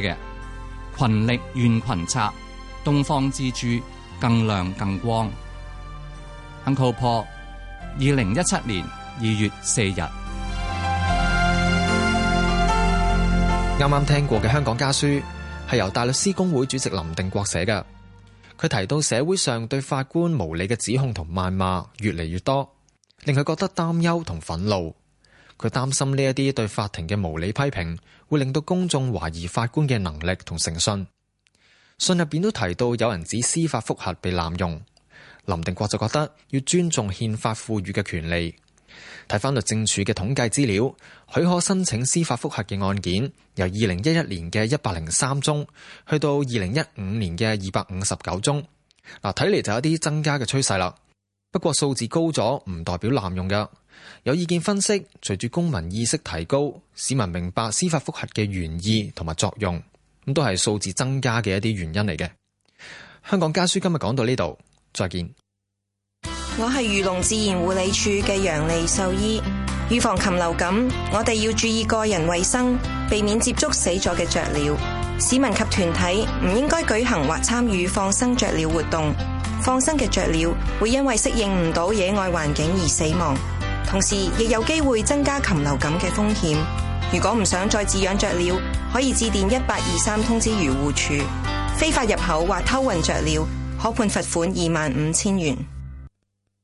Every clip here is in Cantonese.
嘅群力怨群策，東方之珠更亮更光。Uncle Po，二零一七年二月四日，啱啱聽過嘅香港家書，係由大律師公會主席林定國寫嘅。佢提到社會上對法官無理嘅指控同謾罵越嚟越多，令佢覺得擔憂同憤怒。佢擔心呢一啲對法庭嘅無理批評。會令到公眾懷疑法官嘅能力同誠信。信入邊都提到有人指司法複核被濫用，林定國就覺得要尊重憲法賦予嘅權利。睇返，律政署嘅統計資料，許可申請司法複核嘅案件由二零一一年嘅一百零三宗，去到二零一五年嘅二百五十九宗。嗱，睇嚟就有啲增加嘅趨勢啦。不過數字高咗唔代表濫用㗎。有意見分析，隨住公民意識提高，市民明白司法複核嘅原意同埋作用，咁都係數字增加嘅一啲原因嚟嘅。香港家書今日講到呢度，再見。我係漁農自然護理署嘅楊利獸醫，預防禽流感，我哋要注意個人衛生，避免接觸死咗嘅雀鳥。市民及團體唔應該舉行或參與放生雀鳥活動，放生嘅雀鳥會因為適應唔到野外環境而死亡。同時亦有機會增加禽流感嘅風險。如果唔想再飼養雀鳥，可以致電一八二三通知漁護處。非法入口或偷運雀鳥，可判罰款二萬五千元。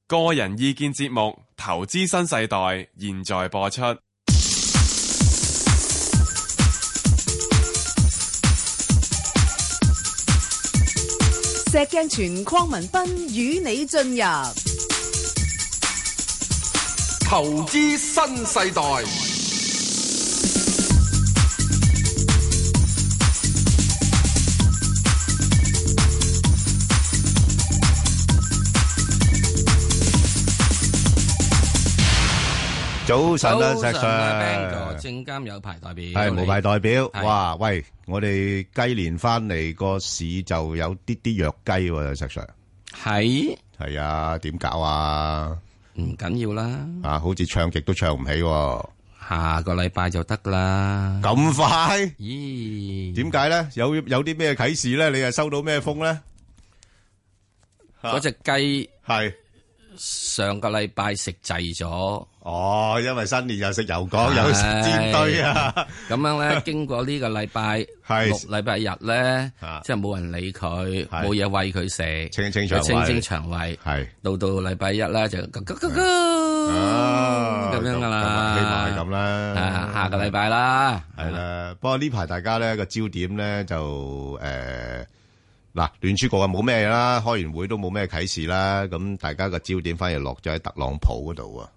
個人意見節目《投資新世代》現在播出。石鏡泉、鄺民彬與你進入.投資新世代。早晨啊，石 Sir。證監有牌代表，係無牌代表。哇，喂，我哋雞年翻嚟個市就有啲啲弱雞喎、啊，石 Sir。係係啊，點搞啊？唔緊要啦，啊，好似唱極都唱唔起、啊，下個禮拜就得啦。咁快？咦？點解咧？有有啲咩啟示咧？你係收到咩風咧？嗰隻雞係上個禮拜食滯咗。哦，因為新年又食油果，又食煎堆啊！咁樣咧，經過呢個禮拜，係六禮拜日咧，即係冇人理佢，冇嘢餵佢食，清清腸，清清腸胃，係到到禮拜日咧就 go go go 咁樣噶啦，希望係咁啦。下個禮拜啦，係啦。不過呢排大家咧個焦點咧就誒，嗱，聯儲局啊冇咩嘢啦，開完會都冇咩啟示啦。咁大家個焦點反而落咗喺特朗普嗰度啊！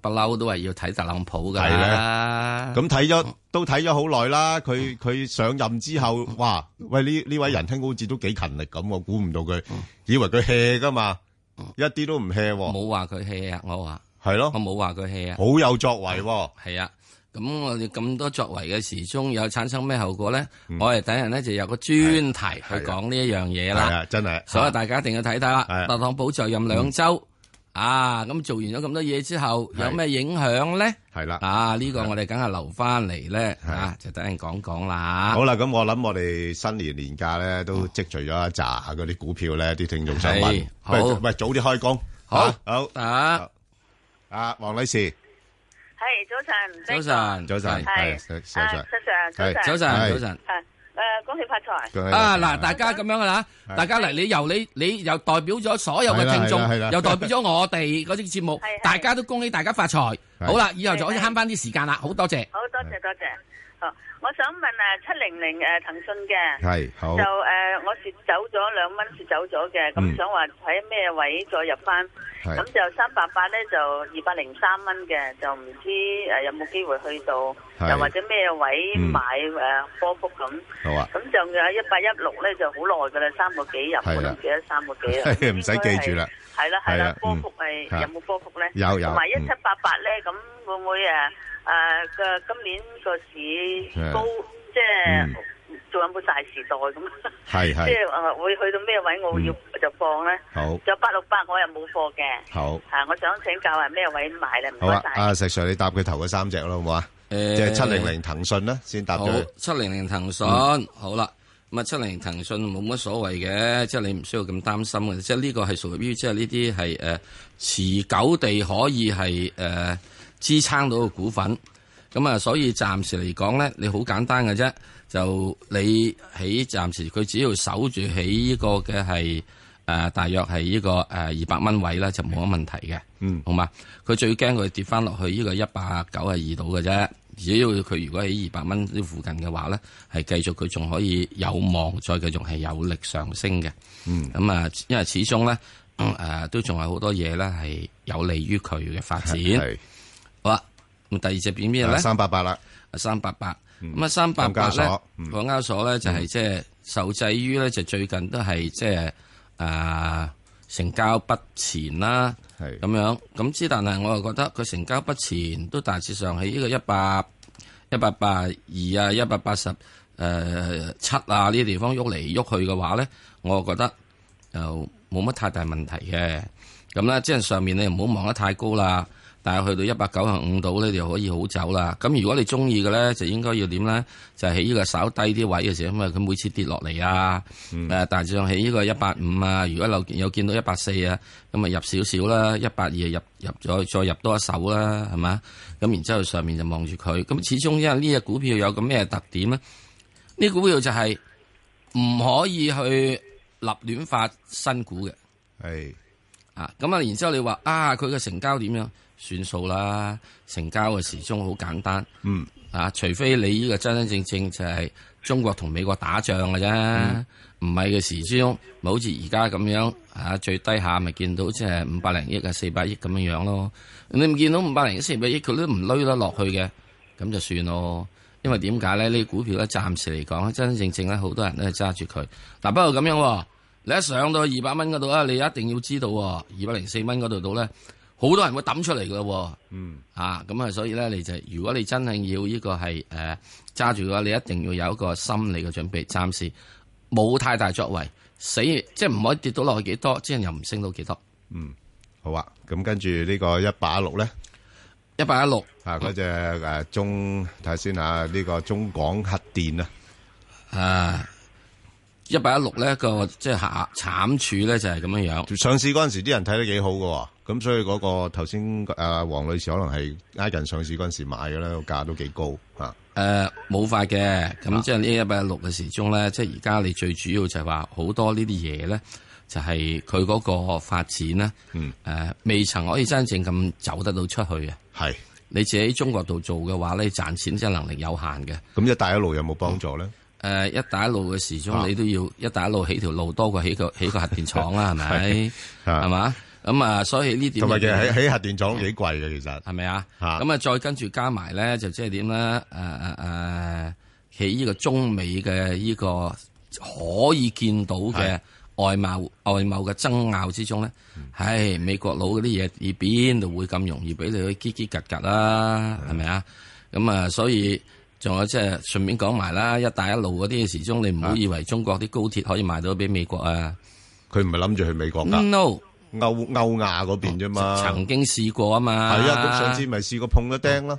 不嬲都係要睇特朗普噶，啊，係啦。咁睇咗都睇咗好耐啦。佢佢上任之後，哇！喂，呢呢位仁兄好似都幾勤力咁，我估唔到佢，以為佢 hea 㗎噶嘛，嗯、一啲都唔 hea 喎。冇話佢 hea 呀，啊，我話係咯，我冇話佢 hea 呀。啊，好有作為喎。係啊，咁我哋咁多作為嘅時中，有產生咩後果咧，嗯？我哋等人咧就有個專題去講呢一樣嘢啦。真係，所以大家一定要睇睇啦。特朗普就任兩周。嗯啊，咁做完咗咁多嘢之後，有咩影響咧？係啦，啊呢個我哋梗係留翻嚟咧，吓就等陣講講啦。好啦，咁我諗我哋新年年假咧都積聚咗一紮嗰啲股票咧，啲聽眾想問，喂喂，早啲開工，好好啊，啊，黃女士，係早晨，早晨，早晨，係，早晨，早晨，早晨，早晨，早晨，係。誒，恭喜發財！啊嗱，大家咁樣噶啦，大家嚟，你由你，你又代表咗所有嘅聽眾，又代表咗我哋嗰啲節目，大家都恭喜大家發財。好啦，以後就可以慳翻啲時間啦，好多謝，好多謝多謝。哦，我想問啊，七零零誒，騰訊嘅係好就誒，我蝕走咗兩蚊，蝕走咗嘅，咁想話喺咩位再入翻？咁就三八八咧，就二百零三蚊嘅，就唔知誒有冇機會去到，又或者咩位買誒波幅咁好啊？咁仲有一八一六咧，就好耐噶啦，三個幾入，係啦，記得三個幾，唔使記住啦。係啦係啦，波幅係有冇波幅咧？有有，同埋一七八八咧，咁會唔會誒？誒、啊、嘅今年個市都即係仲，嗯、有冇大時代咁係係即係誒、啊、會去到咩位我會？我要就放咧。好，就八六八我又冇貨嘅。好，啊我想請教係咩位買咧？好啊，謝謝你啊，石 Sir，你搭佢頭嗰三隻咯，好唔好啊？誒、欸，七零零騰訊啦，先搭到。七零零騰訊，好啦，咁啊七零零騰訊冇乜所謂嘅，即、就、係、是、你唔需要咁擔心嘅，即係呢個係屬於即係呢啲係誒持久地可以係誒。呃支撐到個股份，咁啊，所以暫時嚟講咧，你好簡單嘅啫，就你喺暫時佢只要守住喺呢個嘅係誒，大約係呢、這個誒二百蚊位呢，就冇乜問題嘅。嗯，好嘛，佢最驚佢跌翻落去呢個一百九啊二度嘅啫，只要佢如果喺二百蚊呢附近嘅話咧，係繼續佢仲可以有望、嗯、再繼續係有力上升嘅。嗯，咁啊，因為始終咧誒都仲係好多嘢，咧係有利於佢嘅發展。好啦，咁第二隻變咩咧？三八八啦，三八八。咁啊，三八八、嗯，三八八咧，港交所咧就係即係受制於咧，就最近都係即係啊成交不前啦，係咁、嗯、樣咁之。但係我又覺得佢成交不前都大致上喺呢個一百一百八二啊，一百八十誒七啊呢啲地方喐嚟喐去嘅話咧，我又覺得就冇乜太大問題嘅。咁啦，即係上面你唔好望得太高啦。但係去到一百九十五度咧，就可以好走啦。咁如果你中意嘅咧，就應該要點咧？就喺、是、呢個稍低啲位嘅時候，咁每次跌落嚟啊，誒、嗯，大致上起呢個一百五啊，如果有見到一百四啊，咁啊入少少啦，一百二入入咗，再入多一手啦，係嘛？咁然之後上面就望住佢，咁始終因為呢隻股票有咁咩特點咧？呢、這個、股票就係唔可以去立亂發新股嘅。係啊，咁啊，然之後你話啊，佢嘅成交點樣？算數啦，成交嘅時鐘好簡單。嗯，啊，除非你呢個真真正正就係中國同美國打仗嘅啫，唔係嘅時鐘，咪好似而家咁樣，啊，最低下咪見到即係五百零億啊，四百億咁樣樣咯。你唔見到五百零億四百億，佢都唔累得落去嘅，咁就算咯。因為點解咧？呢，股票咧，暫時嚟講，真真正正咧，好多人都係揸住佢。嗱，不過咁樣喎，你一上到二百蚊嗰度啊，你一定要知道喎，二百零四蚊嗰度到咧。好多人會抌出嚟噶，啊，嗯，啊，咁啊，所以咧，你就如果你真係要呢個係誒揸住嘅話，你一定要有一個心理嘅準備，暫時冇太大作為，死即係唔可以跌到落去幾多，之後又唔升到幾多。嗯，好啊，咁跟住呢個一八一六咧，一八一六啊，嗰隻誒中睇先吓，呢個中港核電啊。啊一八一六咧個即係慘處咧就係咁樣，上市嗰陣時啲人睇得幾好嘅喎，咁所以嗰個頭先誒黃女士可能係挨近上市嗰陣買、呃啊、時買嘅咧，個價都幾高嚇。冇法嘅，咁即係呢一八一六嘅時鐘咧，即係而家你最主要就係話好多呢啲嘢咧，就係佢嗰個發展咧、嗯呃，未曾可以真正咁走得到出去嘅。係你自己喺中國度做嘅話咧，你賺錢即係能力有限嘅。咁一帶一路有冇幫助咧？嗯誒一帶一路嘅時鐘、啊，你都要一帶一路起條路多過起個起個核電廠啦，係 咪是吧？係 嘛是吧？咁 啊、嗯，所以呢點？同埋嘅起起核電廠幾貴嘅，其實係咪啊？咁啊、 嗯，再跟住加埋咧，就即係點咧？誒誒誒，喺、呃、呢個中美嘅呢個可以見到嘅外貿外貿嘅爭拗之中咧，唉，美國佬嗰啲嘢，而邊度會咁容易俾你去結結㜺㜺啦，係咪啊？咁啊，所以。仲有即係順便講埋啦，一帶一路嗰啲時鐘，始終你唔好以為中國啲高鐵可以賣到俾美國啊！佢唔係諗住去美國噶，歐歐亞嗰邊啫嘛。曾經試過啊嘛，係啊，上次咪試過碰咗釘咯。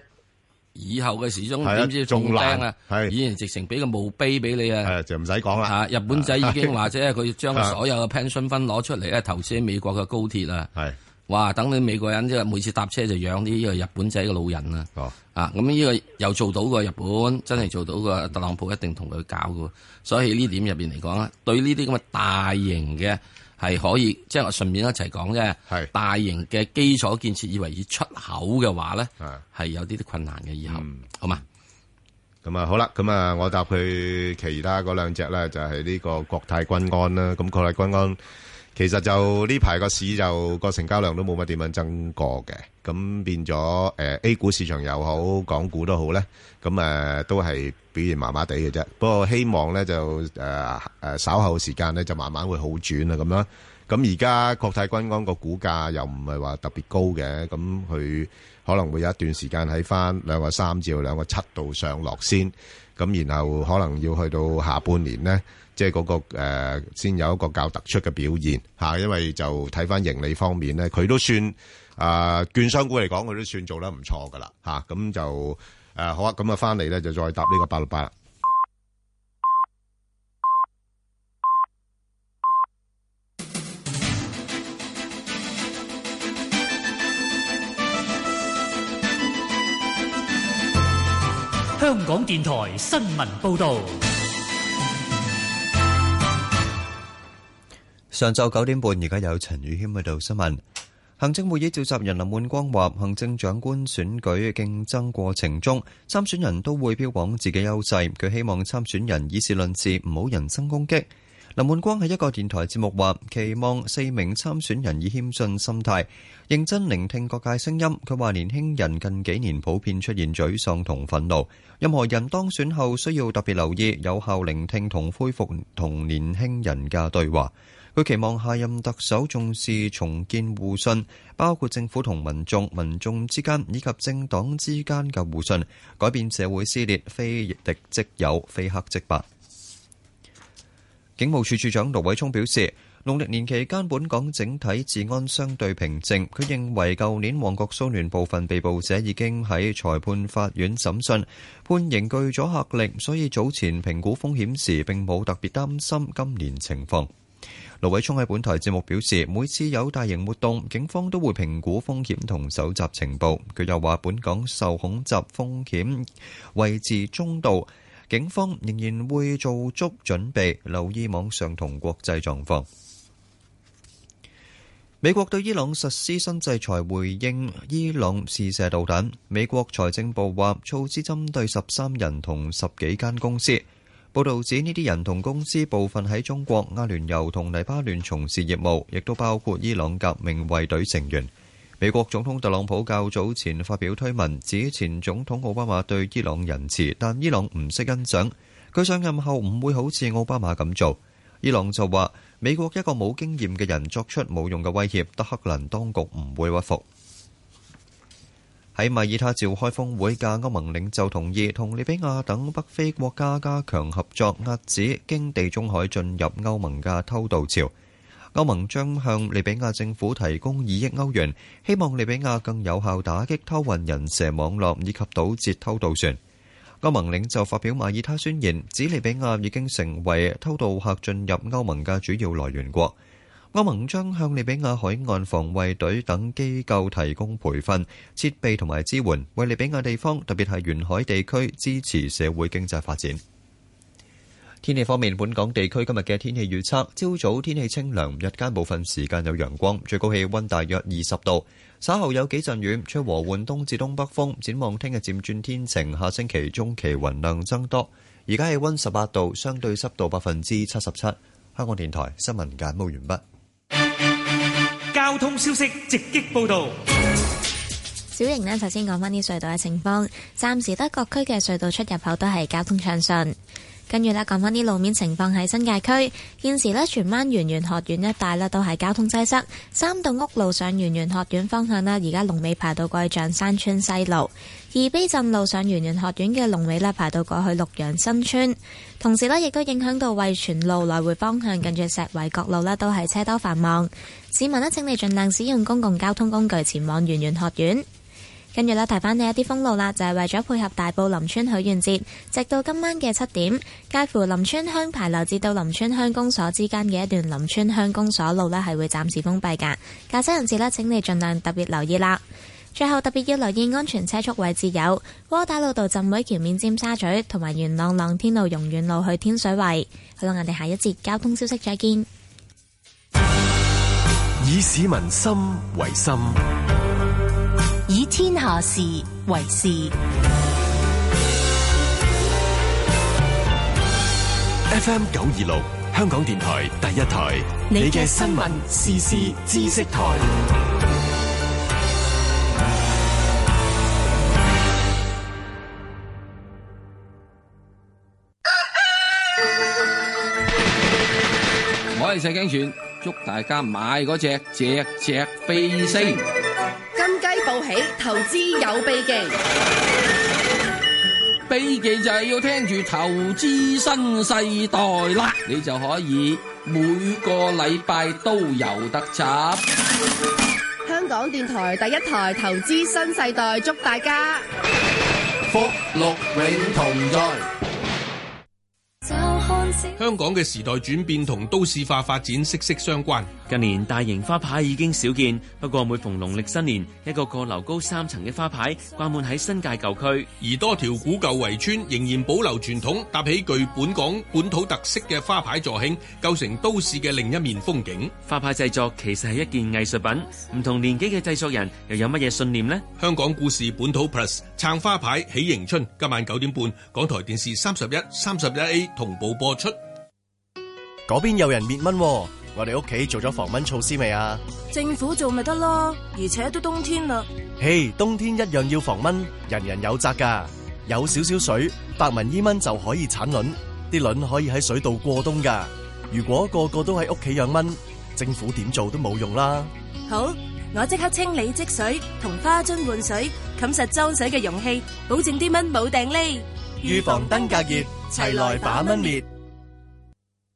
以後嘅時鐘點知仲釘啊？係，以前、啊啊、直情俾個墓碑俾你啊，啊就唔使講啦。吓、啊，日本仔已經話咗佢將所有嘅 pension 分攞出嚟咧，投資喺美國嘅高鐵啊。哇！等你美國人即係每次搭車就養啲呢個日本仔嘅老人、哦、啊！啊咁呢個又做到個日本真係做到個特朗普一定同佢搞嘅，所以呢點入邊嚟講咧，對呢啲咁嘅大型嘅係可以即係我順便一齊講啫。大型嘅基礎建設以為以出口嘅話咧，係有啲啲困難嘅以後，嗯、好嘛？咁啊好啦，咁啊我搭佢其他嗰兩隻咧，就係、是、呢個國泰君安啦。咁國泰君安。其實就呢排個市就個成交量都冇乜點樣增過嘅，咁變咗誒 A 股市場又好，港股都好呢，咁誒都係表現麻麻地嘅啫。不過希望呢，就誒誒稍後時間呢，就慢慢會好轉啦，咁啦，咁而家國泰君安個股價又唔係話特別高嘅，咁佢可能會有一段時間喺翻兩個三至兩個七度上落先，咁然後可能要去到下半年呢。即係、那、嗰個、呃、先有一個較突出嘅表現嚇、啊，因為就睇返盈利方面咧，佢都算啊、呃，券商股嚟講，佢都算做得唔錯㗎喇嚇，咁就誒好啊，咁啊返嚟咧就再答呢個八六八啦。香港電台新聞報導。上晝九點半，而家有陳宇謙喺度報新聞。行政會議召集人林煥光話，行政長官選舉競爭過程中，參選人都會標榜自己優勢。佢希望參選人以事論事，唔好人身攻擊。林煥光喺一個電台節目話，期望四名參選人以謙遜心態認真聆聽各界聲音。佢話，年輕人近幾年普遍出現沮喪同憤怒，任何人當選後需要特別留意，有效聆聽同恢復同年輕人嘅對話。佢期望下任特首重視重建互信，包括政府同民眾民眾之間以及政黨之間嘅互信，改變社會撕裂，非敵即友，非黑即白。警務處處長盧偉聰表示，農曆年期間本港整體治安相對平靜，佢認為舊年旺角騷亂部分被捕者已經喺裁判法院審訊判刑，具阻嚇力，所以早前評估風險時並冇特別擔心今年情況。盧偉聰喺本台節目表示，每次有大型活動，警方都會評估風險同搜集情報。佢又話，本港受恐襲風險位置中度，警方仍然會做足準備，留意網上同國際狀況。美國對伊朗實施新制裁，回應伊朗試射導彈。美國財政部話，措施針對十三人同十幾間公司。報道指呢啲人同公司部分喺中國、阿聯酋同黎巴嫩從事業務，亦都包括伊朗革命衛隊成員。美國總統特朗普較早前發表推文，指前總統奧巴馬對伊朗仁慈，但伊朗唔識欣賞。佢上任後唔會好似奧巴馬咁做。伊朗就話：美國一個冇經驗嘅人作出冇用嘅威脅，德黑蘭當局唔會屈服。喺馬耳他召開峰會嘅歐盟領袖同意同利比亞等北非國家加強合作，遏止經地中海進入歐盟嘅偷渡潮。歐盟將向利比亞政府提供二億歐元，希望利比亞更有效打擊偷運人蛇網絡以及堵截偷渡船。歐盟領袖發表馬耳他宣言，指利比亞已經成為偷渡客進入歐盟嘅主要來源國。歐盟將向利比亞海岸防衛隊等機構提供培訓、設備同埋支援，為利比亞地方，特別係沿海地區支持社會經濟發展。天氣方面，本港地區今日嘅天氣預測：朝早天氣清涼，日間部分時間有陽光，最高氣溫大約二十度。稍後有幾陣雨，吹和緩東至東北風。展望聽日漸轉天晴，下星期中期雲量增多。而家氣溫十八度，相對濕度百分之七十七。香港電台新聞簡報完畢。交通消息直擊報道，小瑩呢，頭先講翻啲隧道嘅情況，暫時得各區嘅隧道出入口都係交通暢順。跟住呢，講翻啲路面情況喺新界區，現時呢荃灣圓玄學院一帶咧都係交通擠塞，三棟屋路上圓玄學院方向咧而家龍尾排到桂象山村西路。而悲鎮路上圓玄學院嘅龍尾呢，排到過去綠楊新村，同時呢，亦都影響到蕙荃路來回方向，跟住石圍角路呢，都係車多繁忙，市民呢，請你盡量使用公共交通工具前往圓玄學院。跟住呢，提翻你一啲封路啦，就係為咗配合大埔林村許願節，直到今晚嘅七點，介乎林村鄉牌樓至到林村鄉公所之間嘅一段林村鄉公所路呢，係會暫時封閉噶，駕駛人士呢，請你盡量特別留意啦。最後特別要留意安全車速位置，有窩打老道浸會橋面、尖沙咀同埋元朗朗天路、容遠路去天水圍。好啦，我哋下一節交通消息再見。以市民心為心，以天下事為事。F M 九二六香港電台第一台，你嘅新聞時事知識台。石鏡泉，祝大家買嗰隻只隻飛星，金雞報喜，投資有秘技。秘技就係要聽住《投資新世代》啦，你就可以每個禮拜都有得執。香港電台第一台《投資新世代》，祝大家福祿永同在。香港嘅時代轉變同都市化發展息息相關。近年大型花牌已經少見，不過每逢農曆新年，一個個樓高三層嘅花牌掛滿喺新界舊區，而多條古舊圍村仍然保留傳統，搭起具本港本土特色嘅花牌助興，構成都市嘅另一面風景。花牌製作其實係一件藝術品，唔同年紀嘅製作人又有乜嘢信念呢？香港故事本土 Plus 撐花牌喜迎春，今晚九點半，港台電視三十一、三十一 A 同步播出。出嗰邊有人滅蚊，我哋屋企做咗防蚊措施未啊？政府做咪得咯，而且都冬天啦。嘿，冬天一樣要防蚊，人人有責噶。有少少水，白紋伊蚊就可以產卵，啲卵可以喺水度過冬噶。如果個個都喺屋企養蚊，政府點做都冇用啦。好，我即刻清理積水同花樽換水，冚實裝水嘅容器，保證啲蚊冇訂呢。預防登革熱，齊來把蚊滅。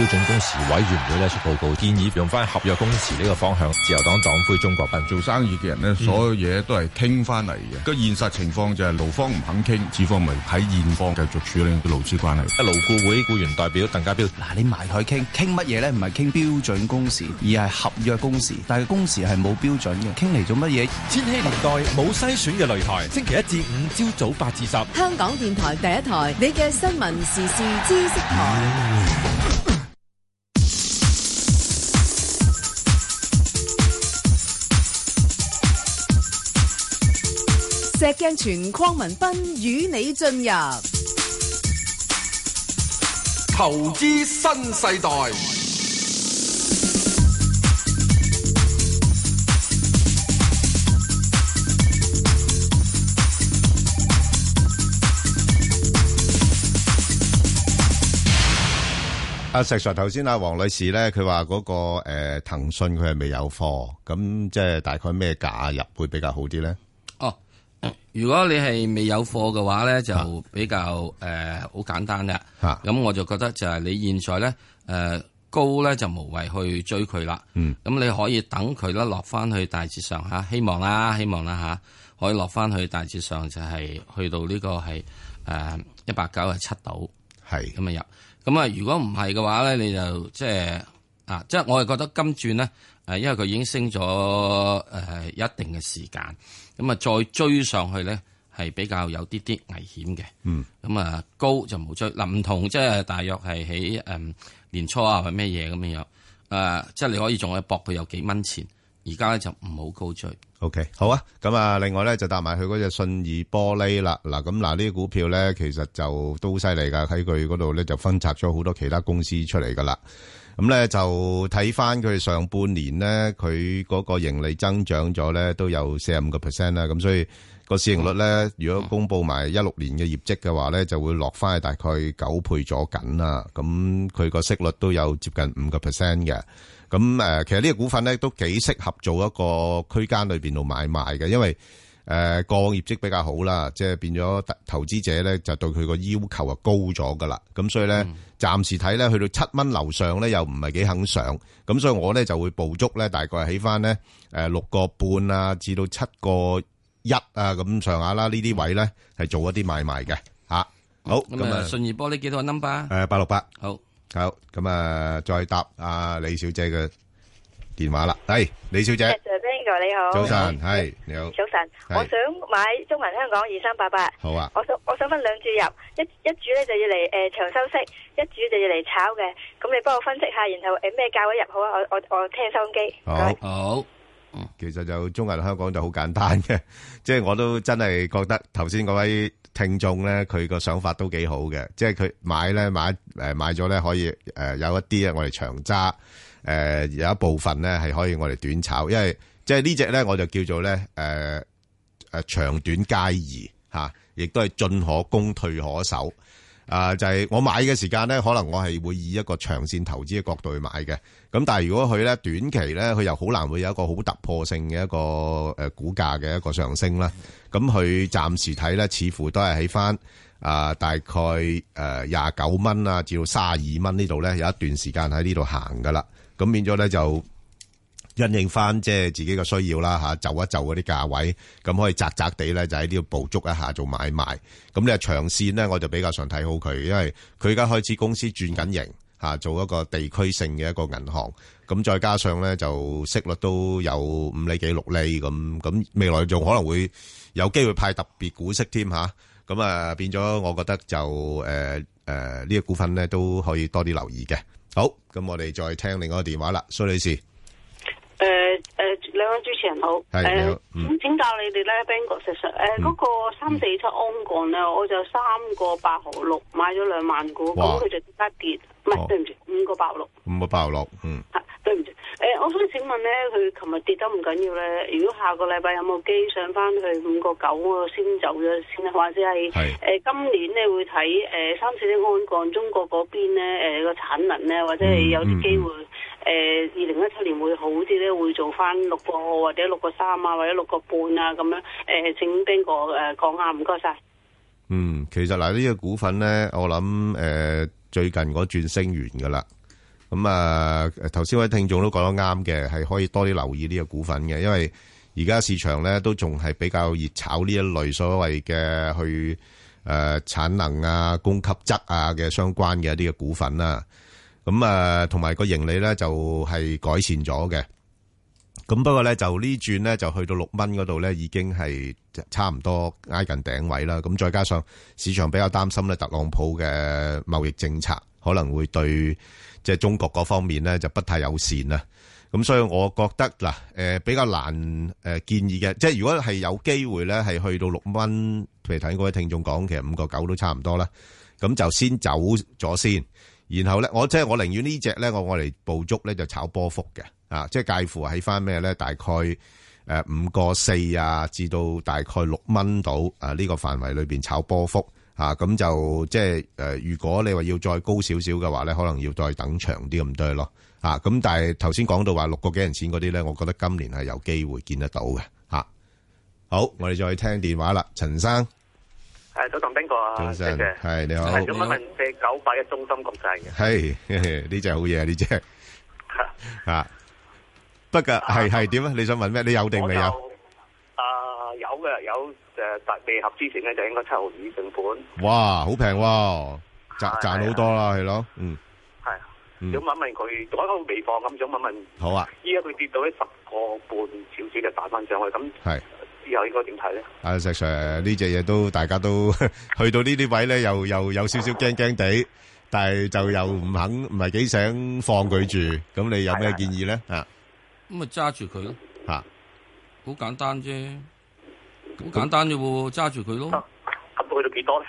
標準工時委員會呢出報告，建議用翻合約工時呢個方向。自由黨黨魁鍾國斌做生意嘅人呢、嗯、所有嘢都係傾翻嚟嘅。個現實情況就係、是、勞方唔肯傾，資方咪喺現方繼續處理勞資關係。勞顧會僱員代表鄧家彪，嗱，你埋台傾，傾乜嘢呢？唔係傾標準工時，而係合約工時。但係工時係冇標準嘅，傾嚟做乜嘢？千禧年代冇篩選嘅擂台，星期一至五朝早八至十，香港電台第一台，你嘅新聞時事知識台。 石鏡泉鄺民彬與你進入投資新世代。阿、啊、石 Sir，頭先阿黃女士呢？佢話嗰個誒騰訊佢係未有貨，咁即係大概咩價入會比較好啲呢？嗯、如果你係未有貨嘅話咧，就比較誒好、啊呃、簡單嘅。咁、啊、我就覺得就係你現在咧，誒、呃、高咧就無謂去追佢啦。咁、嗯、你可以等佢咧落翻去大致上吓、啊，希望啦，希望啦吓、啊，可以落翻去大致上就係、是、去到呢個係誒一百九啊七度，係咁啊入。咁啊如果唔係嘅話咧，你就、啊、即係啊即係我係覺得今轉咧，誒因為佢已經升咗誒、呃、一定嘅時間。咁啊，再追上去咧，係比較有啲啲危險嘅。嗯，咁啊，高就冇追。嗱，唔同即係大約係喺誒年初啊，或咩嘢咁樣樣。誒，即係你可以仲可以搏佢有幾蚊錢。而家咧就唔好高追。OK，好啊。咁啊，另外咧就搭埋佢嗰隻信義玻璃啦。嗱，咁嗱呢啲股票咧，其實就都好犀利噶。喺佢嗰度咧就分拆咗好多其他公司出嚟噶啦。咁咧就睇翻佢上半年咧，佢嗰個盈利增長咗咧都有四十五個 percent 啦。咁所以。個市盈率咧，如果公布埋一六年嘅業績嘅話咧，就會落翻去大概九倍左緊啦。咁佢個息率都有接近五個 percent 嘅。咁誒，其實呢個股份咧都幾適合做一個區間裏邊度買賣嘅，因為誒個業績比較好啦，即係變咗投資者咧就對佢個要求啊高咗噶啦。咁所以咧，暫時睇咧去到七蚊樓上咧又唔係幾肯上。咁所以我咧就會捕捉咧，大概起翻咧誒六個半啊至到七個，一啊咁上下啦，呢啲位咧係做一啲買賣嘅吓。好，咁啊，信義玻璃，你幾多 number？誒，八六八。好，好咁啊，再答阿李小姐嘅電話啦。係李小姐。Sir，邊個你好？早晨，係你好。早晨，我想買中銀香港二三八八。好啊。我想我想分兩注入，一一注咧就要嚟誒長收息，一注就要嚟炒嘅。咁你幫我分析下，然後誒咩價位入好啊？我我我聽收音機。好，好。嗯、其實就中銀香港就好簡單嘅，即係我都真係覺得頭先嗰位聽眾咧，佢個想法都幾好嘅，即係佢買咧買誒買咗咧可以誒有一啲我哋長揸，誒有一部分咧係可以我哋短炒，因為即係呢隻咧我就叫做咧誒誒長短皆宜吓，亦都係進可攻退可守啊。就係我買嘅時間咧，可能我係會以一個長線投資嘅角度去買嘅。咁但係如果佢咧短期咧，佢又好難會有一個好突破性嘅一個誒股價嘅一個上升啦。咁、嗯、佢暫時睇咧，似乎都係喺翻啊大概誒廿九蚊啊，至到三十二蚊呢度咧，有一段時間喺呢度行噶啦。咁變咗咧就因應翻即係自己嘅需要啦嚇，就一就嗰啲價位，咁可以窄窄地咧就喺呢度捕捉一下做買賣。咁咧長線咧我就比較想睇好佢，因為佢而家開始公司轉緊型。吓，做一個地區性嘅一個銀行，咁再加上咧就息率都有五厘幾六厘咁，咁未來仲可能會有機會派特別股息添吓，咁啊變咗我覺得就誒誒呢個股份咧都可以多啲留意嘅。好，咁我哋再聽另外一個電話啦，蘇女士。誒誒。主持人好。係，咁、呃嗯、請教你哋咧，Ben 哥，事實上，誒、呃，嗰、嗯那個三四七鞍鋼咧，我就三個八毫六買咗兩萬股，咁佢就即刻跌，唔係、哦，對唔住，五個八毫六，五個八毫六，嗯，吓，對唔住。誒、欸，我想請問咧，佢琴日跌得唔緊要咧？如果下個禮拜有冇機上翻去五個九先走咗先啊？或者係誒、呃、今年咧會睇誒、呃、三四升安降中國嗰邊咧誒個產能咧，或者係有啲機會誒二零一七年會好啲咧，會做翻六個號或者六個三啊或者六個半啊咁樣誒，請邊個誒講下？唔該晒。嗯，其實嗱呢、這個股份咧，我諗誒、呃、最近嗰轉升完噶啦。咁啊，頭先位聽眾都講得啱嘅，係可以多啲留意呢個股份嘅，因為而家市場咧都仲係比較熱炒呢一類所謂嘅去誒產能啊、供給側啊嘅相關嘅一啲嘅股份啦。咁啊，同埋個盈利咧就係改善咗嘅。咁不過咧，就呢轉咧就去到六蚊嗰度咧，已經係差唔多挨近頂位啦。咁再加上市場比較擔心咧，特朗普嘅貿易政策可能會對。即就中國嗰方面咧，就不太友善啦。咁所以，我覺得嗱，誒比較難誒建議嘅，即係如果係有機會咧，係去到六蚊，譬如睇嗰位聽眾講，其實五個九都差唔多啦。咁就先走咗先，然後咧，我即係我寧願呢隻咧，我我嚟捕足咧，就炒波幅嘅，啊，即係介乎喺翻咩咧，大概誒五個四啊，至到大概六蚊到啊，呢個範圍裏面炒波幅。啊，咁就即係誒，如果你話要再高少少嘅話咧，可能要再等長啲咁多咯。啊，咁但係頭先講到話六個幾銀錢嗰啲咧，我覺得今年係有機會見得到嘅。吓，好，我哋再聽電話啦，陳生。誒，早晨，彬哥？早晨嘅，係你好。係做乜問借九百嘅中心國際嘅？係呢隻好嘢，呢隻吓吓。不過係係點啊？你想問咩？你有定未有？未合之前咧，就應該七毫二成本。哇，好平喎，賺賺好多啦，係咯，嗯。係，想問問佢，仲一個未放咁，想問問。好啊。依家佢跌到咧十個半小子就打翻上去，咁係之後應該點睇咧？啊，石 Sir，呢隻嘢都大家都，大家都 去到呢啲位咧，又又有少少驚驚地，但係就又唔肯，唔係幾想放佢住。咁你有咩建議咧？啊，咁咪揸住佢咯，嚇，好簡單啫。好簡單啫，揸住佢咯。咁去到幾多咧？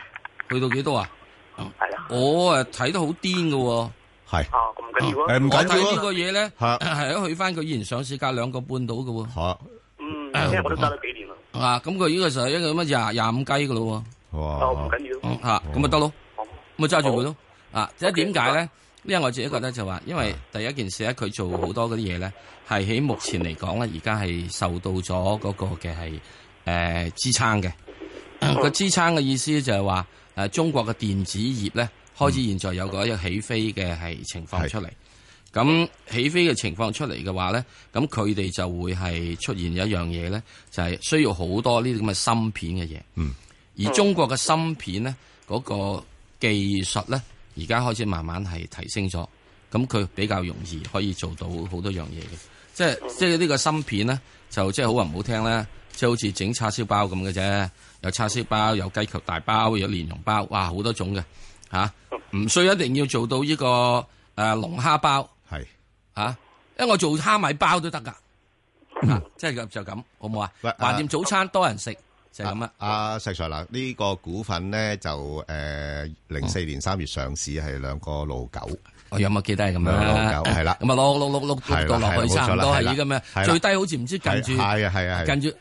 去到幾多啊？係啊。我誒睇得好癲噶，係啊。咁唔緊要啊。我睇呢個嘢咧，係去翻佢以前上市價兩個半到噶喎。吓，嗯，即係我都揸咗幾年啦。啊，咁佢呢個就係一個乜廿廿五雞噶咯。哇！唔緊要。吓，咁咪得咯，咁咪揸住佢咯。啊，即係點解咧？因為我自己覺得就話，因為第一件事咧，佢、啊、做好多嗰啲嘢咧，係喺目前嚟講咧，而家係受到咗嗰個嘅係。誒、呃，支撐嘅個支撐嘅意思就係話誒，中國嘅電子業咧開始現在有一個一起飛嘅係情況出嚟。咁起飛嘅情況出嚟嘅話咧，咁佢哋就會係出現一樣嘢咧，就係、是、需要好多呢啲咁嘅芯片嘅嘢。嗯，而中國嘅芯片咧，嗰、那個技術咧，而家開始慢慢係提升咗。咁佢比較容易可以做到好多樣嘢嘅，即係即係呢個芯片咧，就即係好話唔好聽咧。即係好似整叉燒包咁嘅啫，有叉燒包，有雞球大包，有蓮蓉包，哇，好多種嘅嚇，唔、啊、需一定要做到呢、這個誒、呃、龍蝦包，係嚇、啊，因為我做蝦米包都得㗎，即、嗯、係、啊、就咁、是，好唔好啊？飯店早餐多人食就係咁啊！阿、就是啊啊、石 Sir 呢個股份咧就誒零四年三月上市係兩個老九。有冇記得係咁樣啦？係啦、啊，咁啊落落落六到落去生都係依咁樣，最低好似唔知近住，係啊係啊，近住，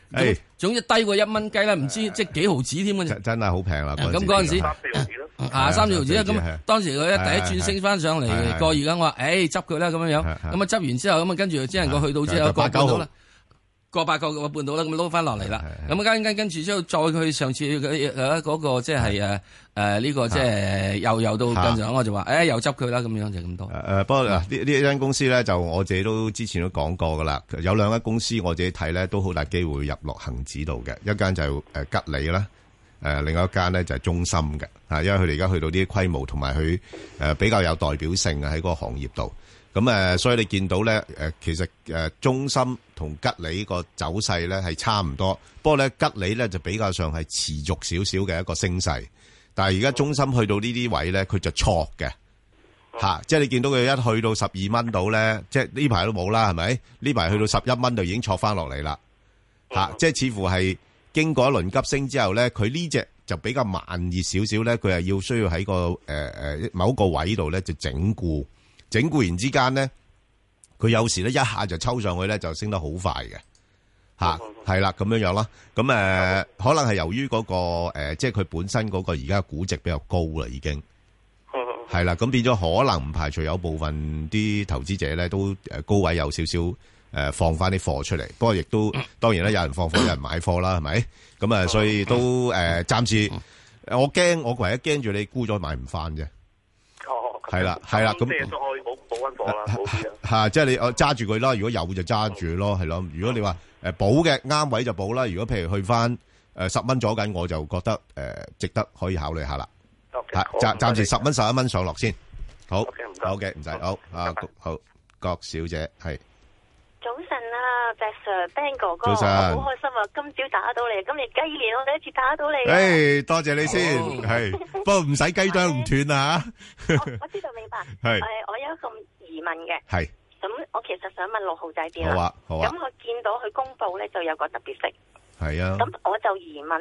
總之低過一蚊雞啦，唔知即係幾毫子添，真真係好平啦！咁嗰陣時三四毫子咯，啊，三毫子啦。咁當時佢一第一轉升翻上嚟過二啦，我話誒，執佢啦咁樣樣，咁啊執完之後咁啊跟住只能過去到之後過九啦。個八個個半度啦，咁攞翻落嚟啦。咁一間間跟住之後，再去上次嗰個即係誒呢個即係又又都跟咗，啊、游游我就話誒又執佢啦。咁、啊哎、樣就咁多。誒、啊啊、不過呢呢、啊、間公司咧，就我自己都之前都講過噶啦。有兩間公司我自己睇咧，都好大機會入落恆指度嘅。一間就誒吉利啦，誒另外一間咧就中信嘅。因為佢哋而家去到啲規模同埋佢誒比較有代表性啊喺嗰個行業度。咁誒，所以你見到咧其實誒中信，同吉利個走勢咧係差唔多，不過咧吉利咧就比較上係持續少少嘅一個升勢，但係而家中信去到呢啲位咧，佢就挫嘅，嚇、啊！即係你見到佢一去到十二蚊度咧，即係呢排都冇啦，係咪？呢排去到十一蚊就已經挫返落嚟啦，嚇、啊！即係似乎係經過一輪急升之後咧，佢呢隻就比較慢熱少少咧，佢係要需要喺個誒誒、呃、某個位度咧就整固，整固完之間咧。佢有時咧一下就抽上去咧，就升得好快嘅，吓、嗯，係啦咁樣樣啦。咁誒、呃嗯、可能係由於嗰、那個、呃、即係佢本身嗰個而家估值比較高啦，已經係啦。咁、嗯嗯、變咗可能唔排除有部分啲投資者咧都高位有少少誒、呃、放翻啲貨出嚟。不過亦都、嗯、當然啦有人放貨，有人買貨啦，係、嗯、咪？咁啊、嗯，所以都誒、呃、暫時、嗯、我驚，我唯一驚住你沽咗買唔翻啫。係、嗯、啦，係、嗯、啦，咁。嗯保溫保啦，係、啊啊啊、即係你我揸住佢啦，如果有就揸住咯，係咯。如果你話誒補嘅啱位就補啦。如果譬如去返誒十蚊左緊，我就覺得誒、呃、值得可以考慮下啦。係暫暫時十蚊十一蚊上落先。好，OK 唔使好啊。好郭小姐係。早晨啊 Bes Sir Ben 哥哥，好開心啊！今朝打到你，今日雞年我第一次打到你，啊，誒、hey，多謝你先，係、oh， 不過唔使雞啄唔斷啊 我！我知道明白，係我有一個疑問嘅，係，咁我其實想問六號仔點？好啊，好啊，咁我見到佢公布咧就有個特別息係啊，咁我就疑問，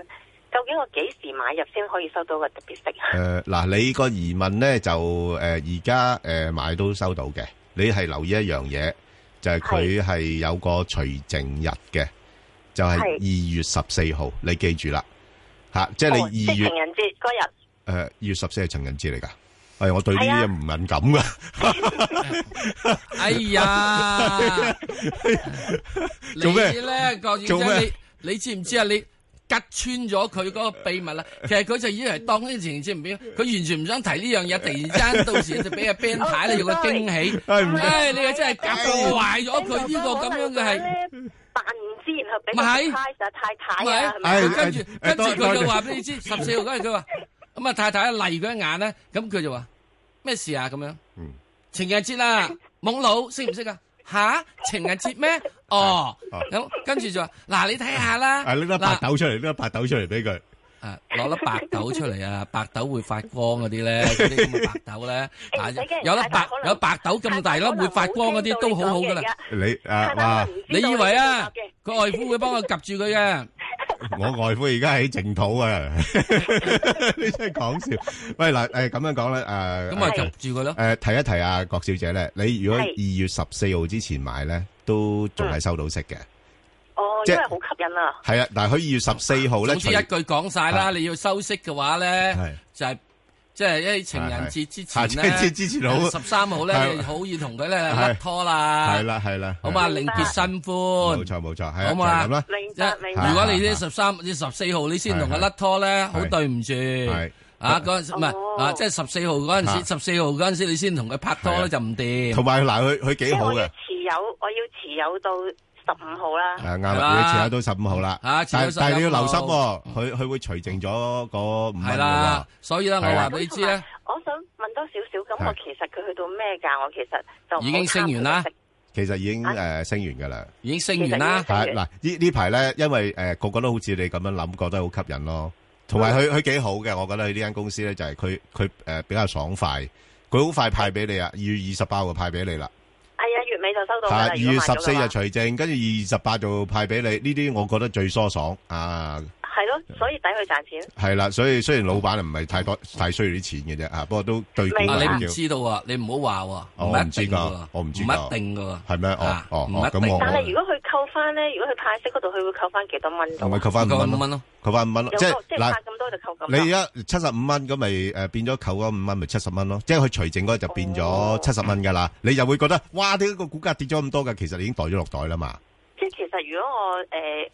究竟我幾時買入先可以收到個特別息誒，嗱、呃，你個疑問咧就誒而家誒買都收到嘅，你係留意一樣嘢。就係佢係有個除夕日嘅，就係、是、二月十四號，你記住啦，吓、哦，即係你二月情人節嗰、呃、日節，誒、哎，二月十四係情人節嚟噶，係我對呢啲嘢唔敏感噶，啊、 哎呀， 你咧呢， 郭志生，你你知唔知啊？你？你知吉穿咗佢嗰個秘密啦，其實佢就以為當天情人節唔俾，佢完全唔想提呢樣嘢，突然間到時就俾阿 Ben 睇咧，用個驚喜，唉、oh, 哎哎，你真係夾到壞咗佢呢個咁樣嘅係，扮唔知然後俾太太太太，是是是是哎、跟住、哎、跟住佢就話俾你知，十、哎、四、哎哎、號嗰日佢話，咁 啊太太嚟佢一眼咧，咁佢就話咩事啊咁樣，嗯、情人節啦，懵佬識唔識啊？ 吓、啊、情人節咩？哦，咁、啊啊、跟住就話嗱、啊，你睇下啦，拎、啊、粒白豆出嚟，拎粒白豆出嚟俾佢，啊，攞粒白豆出嚟啊，白豆會發光嗰啲咧，嗰啲咁嘅白豆咧、啊啊，有粒白有白豆咁大粒會發光嗰啲都好好噶啦，你啊哇，你以為啊，佢外父會幫我夾住佢嘅？ 我外父而家喺淨土啊！你真係講笑。喂嗱，誒咁樣講咧，誒咁啊捉住佢咯。誒，提一提阿郭小姐咧，你如果二月十四號之前買咧，都仲係收到息嘅。哦，即係好吸引啊！係啊，嗱，佢二月十四號咧，好似一句講晒啦。你要收息嘅話咧，係就係。即係一情人節之前好十三號咧，好易同佢咧甩拖啦。係啦，係啦，好嘛，另結新歡。冇錯，冇錯，好嘛，咁咧。如果你呢十三至十四號，你先同佢甩拖咧，好對唔住。啊，嗰陣唔係啊，即係十四號嗰陣時，十四號嗰陣時你先同佢拍拖咧，就唔掂。同埋嗱，佢佢幾好嘅。我要持有，我要持有到。十五號啦，係啱啦，遲下都十五號啦。但係但係你要留心，佢佢會除淨咗嗰五蚊嘅。所以咧，我話俾你知咧，我想問多少少咁，我其實佢去到咩價？我其實就已經升完啦。其實已經誒升完噶啦，已經升完啦。嗱，呢呢排咧，因為誒個個都好似你咁樣諗，覺得好吸引咯。同埋佢佢幾好嘅，我覺得佢呢間公司咧就係佢佢誒比較爽快，佢好快派俾你啊！二月二十八號派俾你啦。就收到，二、啊、月十四日除正，跟住二十八就派俾你。呢啲我覺得最疏爽啊！係咯，所以抵佢賺錢。係啦，所以雖然老闆唔係太多太需要啲錢嘅啫，啊，不過都對股你唔知道啊，你唔好話我唔知㗎、哦，我唔知㗎，唔一定㗎。係咩？哦、啊、哦我。但係如果佢扣翻咧，如果佢派息嗰度，佢會扣翻幾多蚊到？咪、啊啊啊、扣翻五蚊蚊咯。佢話五蚊，即係嗱，咁多就扣咁。你而家七十五蚊咁，咪誒變咗扣咗五蚊，咪七十蚊咯。即係佢除淨嗰日就變咗七十蚊噶啦。Oh. 你又會覺得哇，點解個股價跌咗咁多嘅？其實你已經袋咗落袋啦嘛。即係其實如果我誒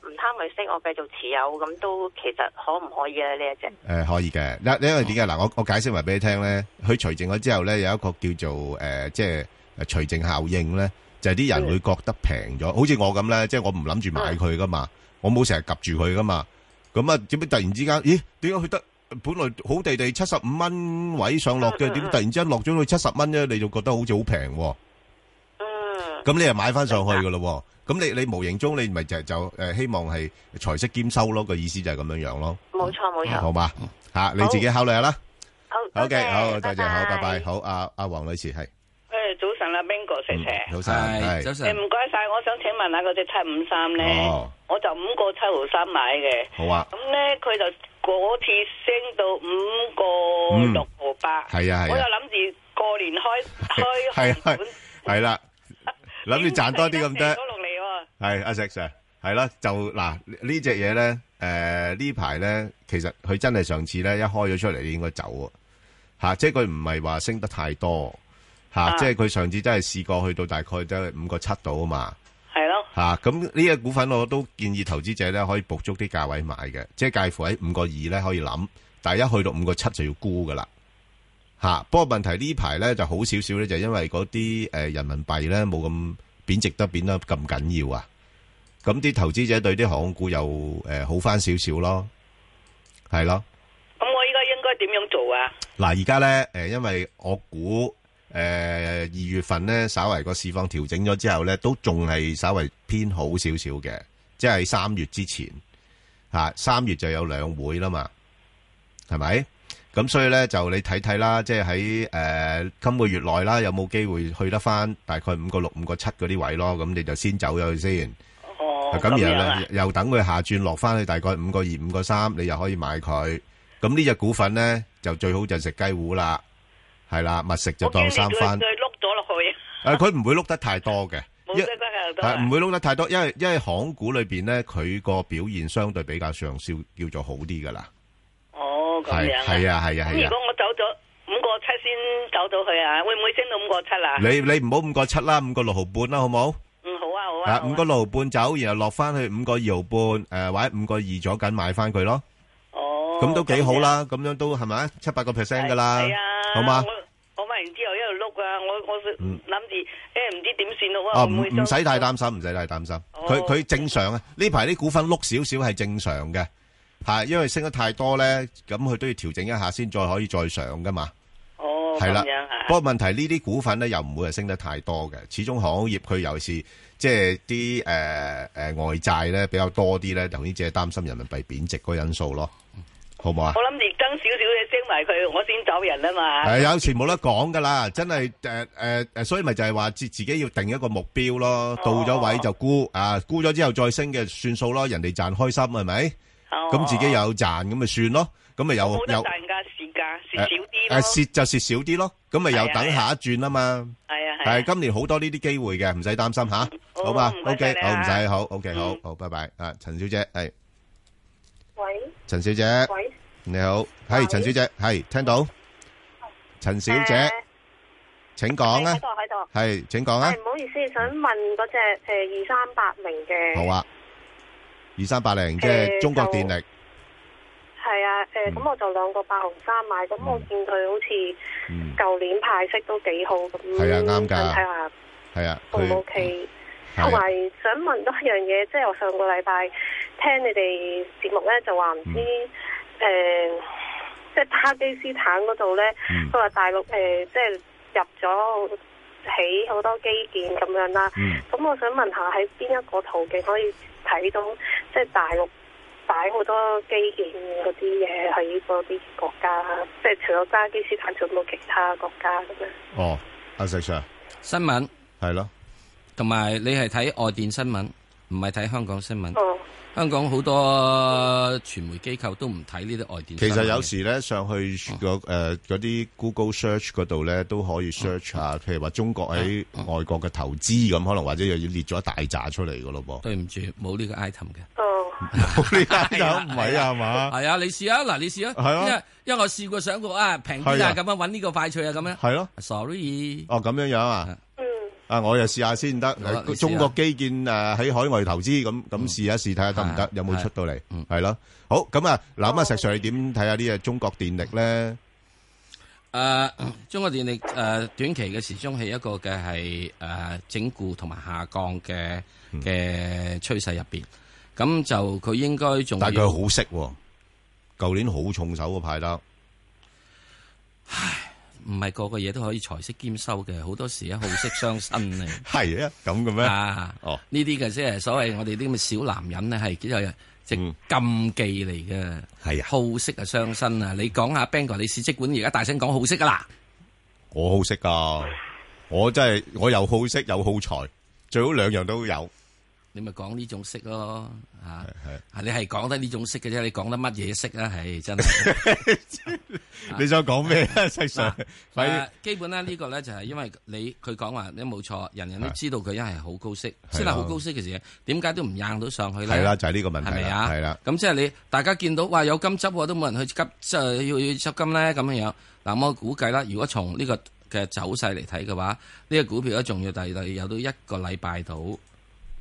唔貪未息，我繼續持有咁都其實可唔可以咧？呢一隻誒、呃、可以嘅。因為、嗯、因為點解嗱？我我解釋埋俾你聽咧，佢除淨咗之後咧有一個叫做誒、呃，即係誒除淨效應咧，就係、是、啲人會覺得平咗、嗯。好似我咁咧，即係我唔諗住買佢噶嘛，我冇成日及住佢噶嘛。咁啊，點解突然之間？咦，點解佢得本來好地地七十五蚊位上落嘅，點突然之間落咗去七十蚊咧？你就覺得好似好平。嗯。咁你又買翻上去噶咯？咁你你無形中你咪就就誒，希望係財色兼收咯。個意思就係咁樣樣咯。冇錯冇錯。好嘛吓，你自己考慮下啦。好。OK，好，多謝，拜拜。好，阿阿黃女士係。早晨啦，Bingo 謝謝早晨，早晨。唔該晒。我想請問下嗰隻七五三咧，我就五個七毫三買嘅。好啊。咁咧，佢就嗰次升到五個六毫八。係啊，係啊。啊我就諗住過年開、啊、開盤，係啦、啊，諗住賺多啲咁多。係阿 Sir，係啦，就嗱呢隻嘢咧，誒、呃、呢排咧、呃，其實佢真係上次咧一開咗出嚟應該走啊，吓，即係佢唔係話升得太多。吓、啊啊，即係佢上次真係試過去到大概都係五個七度啊嘛，係咯，吓咁呢個股份我都建議投資者咧可以捕捉啲價位買嘅，即係介乎喺五個二咧可以諗，但係一去到五個七就要沽噶啦。吓、啊，不過問題呢排咧就好少少咧，就是、因為嗰啲誒人民幣咧冇咁貶值得變得咁緊要啊，咁啲投資者對啲航空股又誒、呃、好翻少少咯，係咯。咁我依家應該點樣做啊？嗱、啊，而家咧誒，因為我估。誒、呃，二月份呢，稍微個市況調整咗之後呢，都仲係稍微偏好少少嘅，即係三月之前，吓、啊、三月就有兩會啦嘛，係咪？咁所以呢，就你睇睇啦，即係喺誒今個月內啦，有冇機會去得翻大概五個六五個七嗰啲位咯？咁你就先走咗去先。咁、哦啊、然後呢，啊、又等佢下轉落翻去大概五個二五個三，你又可以買佢。咁呢隻股份呢，就最好就食雞糊啦。係啦，密食就當三番。碌咗落去。誒、 呃，佢唔會碌得太多嘅。唔會碌得太多，因為因為行股裏邊咧，佢個表現相對比較上少，叫做好啲噶啦。哦，咁樣，係啊係啊係啊。如果我走咗五個七先走到去啊，會唔會升到五個七啊？你你唔好五個七啦，五個六毫半啦，好冇？嗯，好啊，好啊。啊，五個六毫半走，然後落翻去五個二毫半，誒，或者五個二咗緊買翻佢咯。咁都幾好啦，咁樣都係咪七百個 percent 噶啦？係啊，好嘛？我買完之後一路碌啊，我我諗住誒，唔知點算好咯。啊，唔唔使太擔心，唔使太擔心。佢佢正常啊。呢排啲股份碌少少係正常嘅，係因為升得太多咧，咁佢都要調整一下先，再可以再上噶嘛。哦，係啦。不過問題呢啲股份咧，又唔會係升得太多嘅。始終行業佢尤其是即係啲誒誒外債咧比較多啲咧，頭先只係擔心人民幣貶值嗰個因素咯。好唔好啊？我諗住增少少嘅升埋佢，我先走人啊嘛。係有時冇得講噶啦，真係誒誒誒，所以咪就係話自自己要定一個目標咯。到咗位就沽，啊沽咗之後再升嘅算數咯。人哋賺開心係咪？咁自己有賺咁咪算咯。咁咪有有賺噶蝕噶蝕少啲咯。蝕就蝕少啲咯。咁咪又等下一轉啊嘛。係啊係。係今年好多呢啲機會嘅，唔使擔心吓。好嘛，OK，好唔使，好 OK，好好，拜拜啊，陳小姐係。陳小姐喂，你好，係陳小姐，係聽到，陳小姐，呃、請講啊，喺度喺度，係請講啊，唔好意思，想問嗰隻誒二三八零嘅，好啊，二三八零即係中國電力，係啊，誒、呃，咁我就兩個八毫三買，咁我見佢好似舊年派息都幾好，咁、嗯、係、嗯、啊，啱㗎，係啊，O K。同埋、啊、想問多一樣嘢，即、就、係、是、我上個禮拜聽你哋節目咧、嗯呃，就話唔知誒，即係巴基斯坦嗰度咧，佢、嗯、話大陸即係、呃就是、入咗起好多基建咁樣啦。咁、嗯、我想問下，喺邊一個途徑可以睇到即係、就是、大陸擺好多基建嗰啲嘢喺嗰啲國家？即、就、係、是、除咗巴基斯坦，仲有冇其他國家咁樣？哦，阿石 Sir，新聞係咯。同埋你係睇外電新聞，唔係睇香港新聞。嗯、香港好多傳媒機構都唔睇呢啲外電新聞。其實有時咧上去個嗰啲 Google Search 嗰度咧都可以 search 下、啊嗯，譬如話中國喺外國嘅投資咁、嗯嗯，可能或者又要列咗一大紮出嚟㗎咯噃。對唔住，冇呢個 item 嘅。冇、嗯、呢個 item 唔 係啊嘛。係啊，啊，啊，你試啊，嗱你試啊。係咯、啊。因為因我試過上過啊平啲啊咁、啊、樣揾呢個快脆啊咁樣。係咯、啊啊。Sorry。哦咁樣樣啊。啊！我又試下先得，中國基建，誒喺海外投資咁咁，試一試睇下得唔得，有冇出到嚟？係咯，好咁啊！嗱咁啊，石 Sir 你點睇下呢個，啊，中國電力咧？誒，中國電力誒，短期嘅時鐘係一個嘅係誒整固，同埋下降嘅嘅趨勢入邊，咁就佢應該仲，但係佢好識，舊年好重手嗰派得。唔係個個嘢，都可以財色兼收嘅，好多時啊好色傷身啊，係 啊咁嘅咩？啊哦，呢啲嘅即係所謂我哋啲咁嘅小男人咧，係叫做即禁忌嚟嘅。係、嗯、啊，好色啊傷身啊！你講下 Bang 哥你盡管而家大聲講好色噶、啊、啦，我好色噶，我真係我又好色又好財，最好兩樣都有。你咪講呢種息咯，吓，啊你係講得呢種息嘅啫，你講得乜嘢息啊？係，真係，你想講咩啊？基本咧，呢個咧就係因為你佢講話你冇錯，人人都知道佢一係好高息，真係好高息嘅時，點解都唔掟到上去咧？係啦，就係呢個問題啦。係啦，咁即係你大家見到話有金執，都冇人去執，即係要執金咧咁樣樣。嗱，我估計啦，如果從呢個嘅走勢嚟睇嘅話，呢個股票都仲要第第有到一個禮拜到。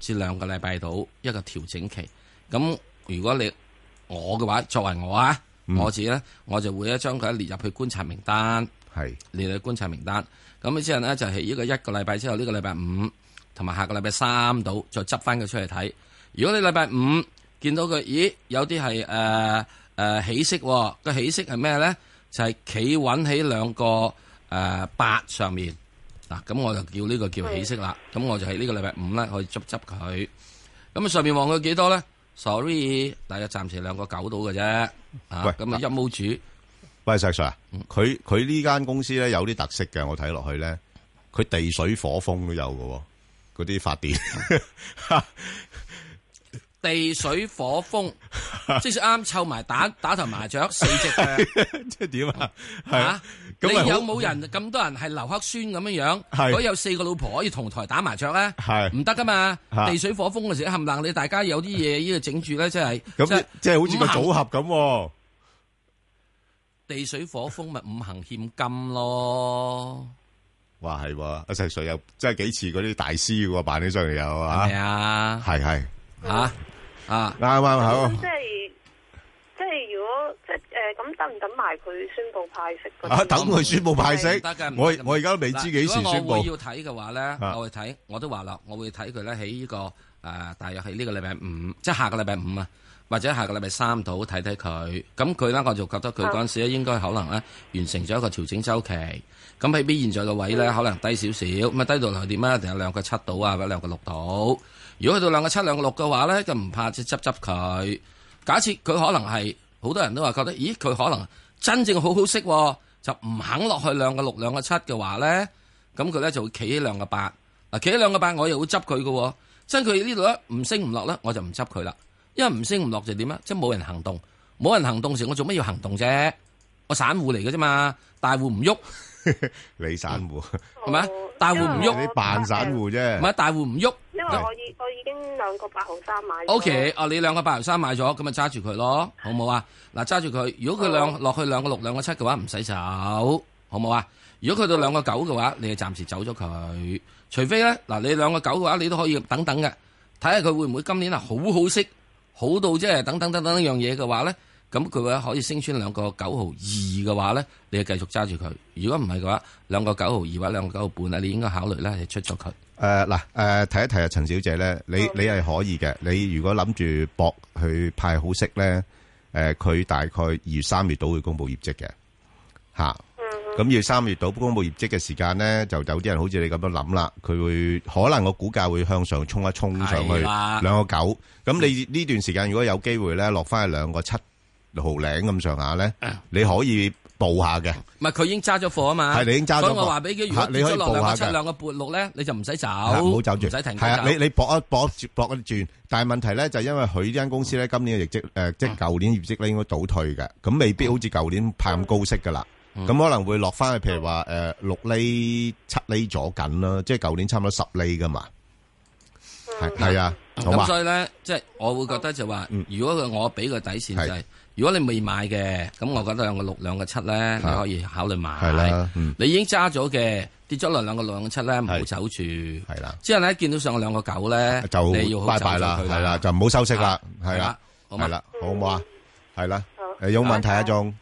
至兩個禮拜到一個調整期，咁如果你我嘅話，作為我啊、嗯，我自己咧，我就會咧將佢列入去觀察名單，列入去觀察名單。咁之後呢，就係呢個一個禮拜之後，呢、呢個禮拜五同埋下個禮拜三到再執翻佢出嚟睇。如果你禮拜五見到佢，咦有啲係誒誒起色，個起色係咩咧？就係、是、企穩喺兩個誒、呃、八上面。嗱、啊，咁我就叫呢個叫起色啦，咁我就喺呢個禮拜五咧可以執執佢，咁啊上面望佢幾多咧？Sorry，大約暫時兩個九到嘅啫，啊，喂，咁啊一毛主，喂、啊、喂石 Sir，佢佢呢間公司咧有啲特色嘅，我睇落去咧，佢地水火風都有喎。嗰啲發電。 地水火風，即係啱湊埋打打頭麻雀，四隻 即係點啊？吓，咁、啊、有冇人咁多人係留黑孫咁樣樣？如果有四個老婆可以同台打麻雀咧，唔得噶嘛、啊？地水火風嗰時冚冷，你大家有啲嘢呢度整住咧，即係即係即係好似個組合咁、啊。地水火風咪五行欠金咯，話係阿細水又真係幾似嗰啲大師喎，扮起上嚟有啊？係啊，係係啊。啊啊，啱啱，好。咁即係，即係如果即係誒，咁等唔等埋佢宣布派息？啊，等佢宣布派息得噶。我我而家都未知幾時宣布。要睇嘅話咧，我會睇。我都話啦，我會睇佢咧喺呢個誒，大約喺呢個禮拜五，即係下個禮拜五啊，或者下個禮拜三度睇睇佢。咁佢咧，我就覺得佢嗰陣時咧，應該可能咧完成咗一個調整周期。咁比比現在嘅位咧，可能低少少，咁啊低到嚟點啊？定有兩個七度啊，或者兩個六度。如果去到兩個七兩個六嘅話咧，就唔怕即執執執佢。假設佢可能係好多人都話覺得，咦佢可能真正好好識，就唔肯落去兩個六兩個七嘅話咧，咁佢咧就會企喺兩個八。嗱，企喺兩個八，我又會執佢㗎，即係佢呢度咧唔升唔落咧，我就唔執佢啦。因為唔升唔落就點啊？即係冇人行動，冇人行動時我做乜要行動啫？我散戶嚟嘅啫嘛，大戶唔喐。你 散戶係咪？大戶唔喐，你扮散戶啫、呃。唔係大戶唔喐，因為我已我已經兩個八號衫買。O K，哦，你兩個八號衫買咗，咁咪揸住佢咯，好唔好啊？嗱，揸住佢，如果佢兩落去兩個六、兩個七嘅話，唔使走，好唔好啊？如果佢到兩個九嘅話，你就暫時走咗佢，除非咧嗱、啊，你兩個九嘅話，你都可以等等嘅，睇下佢會唔會今年啊好好色，好到即係等等等等一樣嘢嘅話咧。咁佢話可以升穿兩個九毫二嘅話咧，你繼續揸住佢。如果唔係嘅話，兩個九毫二或者兩個九毫半啊，你應該考慮咧係出咗佢。誒、呃，嗱、呃，誒，提一提啊，陳小姐咧，你你係可以嘅。你如果諗住博佢派好息咧，誒、呃，佢大概二月三月度會公布業績嘅，吓、啊。咁要三月度公布業績嘅時間咧，就有啲人好似你咁樣諗啦。佢會可能個股價會向上衝一衝上去兩個九。咁、啊、你呢段時間如果有機會咧，落翻去兩個七。毫領咁上下咧，你可以報下嘅。唔係佢已經揸咗貨啊嘛。係你已經揸咗，所以我話俾佢，如果落兩個七兩個半六咧，你就唔使走，唔使停。係啊，你你搏一搏搏一轉，但係問題咧就係因為佢呢間公司咧今年嘅業績誒，即係舊年業績咧應該倒退嘅，咁未必好似舊年派咁高息噶啦。咁可能會落翻去，譬如話誒六厘七厘咗緊啦，即係舊年差唔多十厘噶嘛。係係啊，咁所以咧，即係我會覺得就話，如果佢我俾個底線就係。如果你未買嘅，咁我覺得兩個六、兩個七咧，你可以考慮買。係啦、嗯，你已經揸咗嘅，跌咗落兩個六、兩個七咧，唔好走住。係啦。之後咧見到上個兩個九咧，就要拜拜啦係啦，就唔好收息啦，係啦，係啦，好唔、嗯、好啊？係啦，有問題一鐘，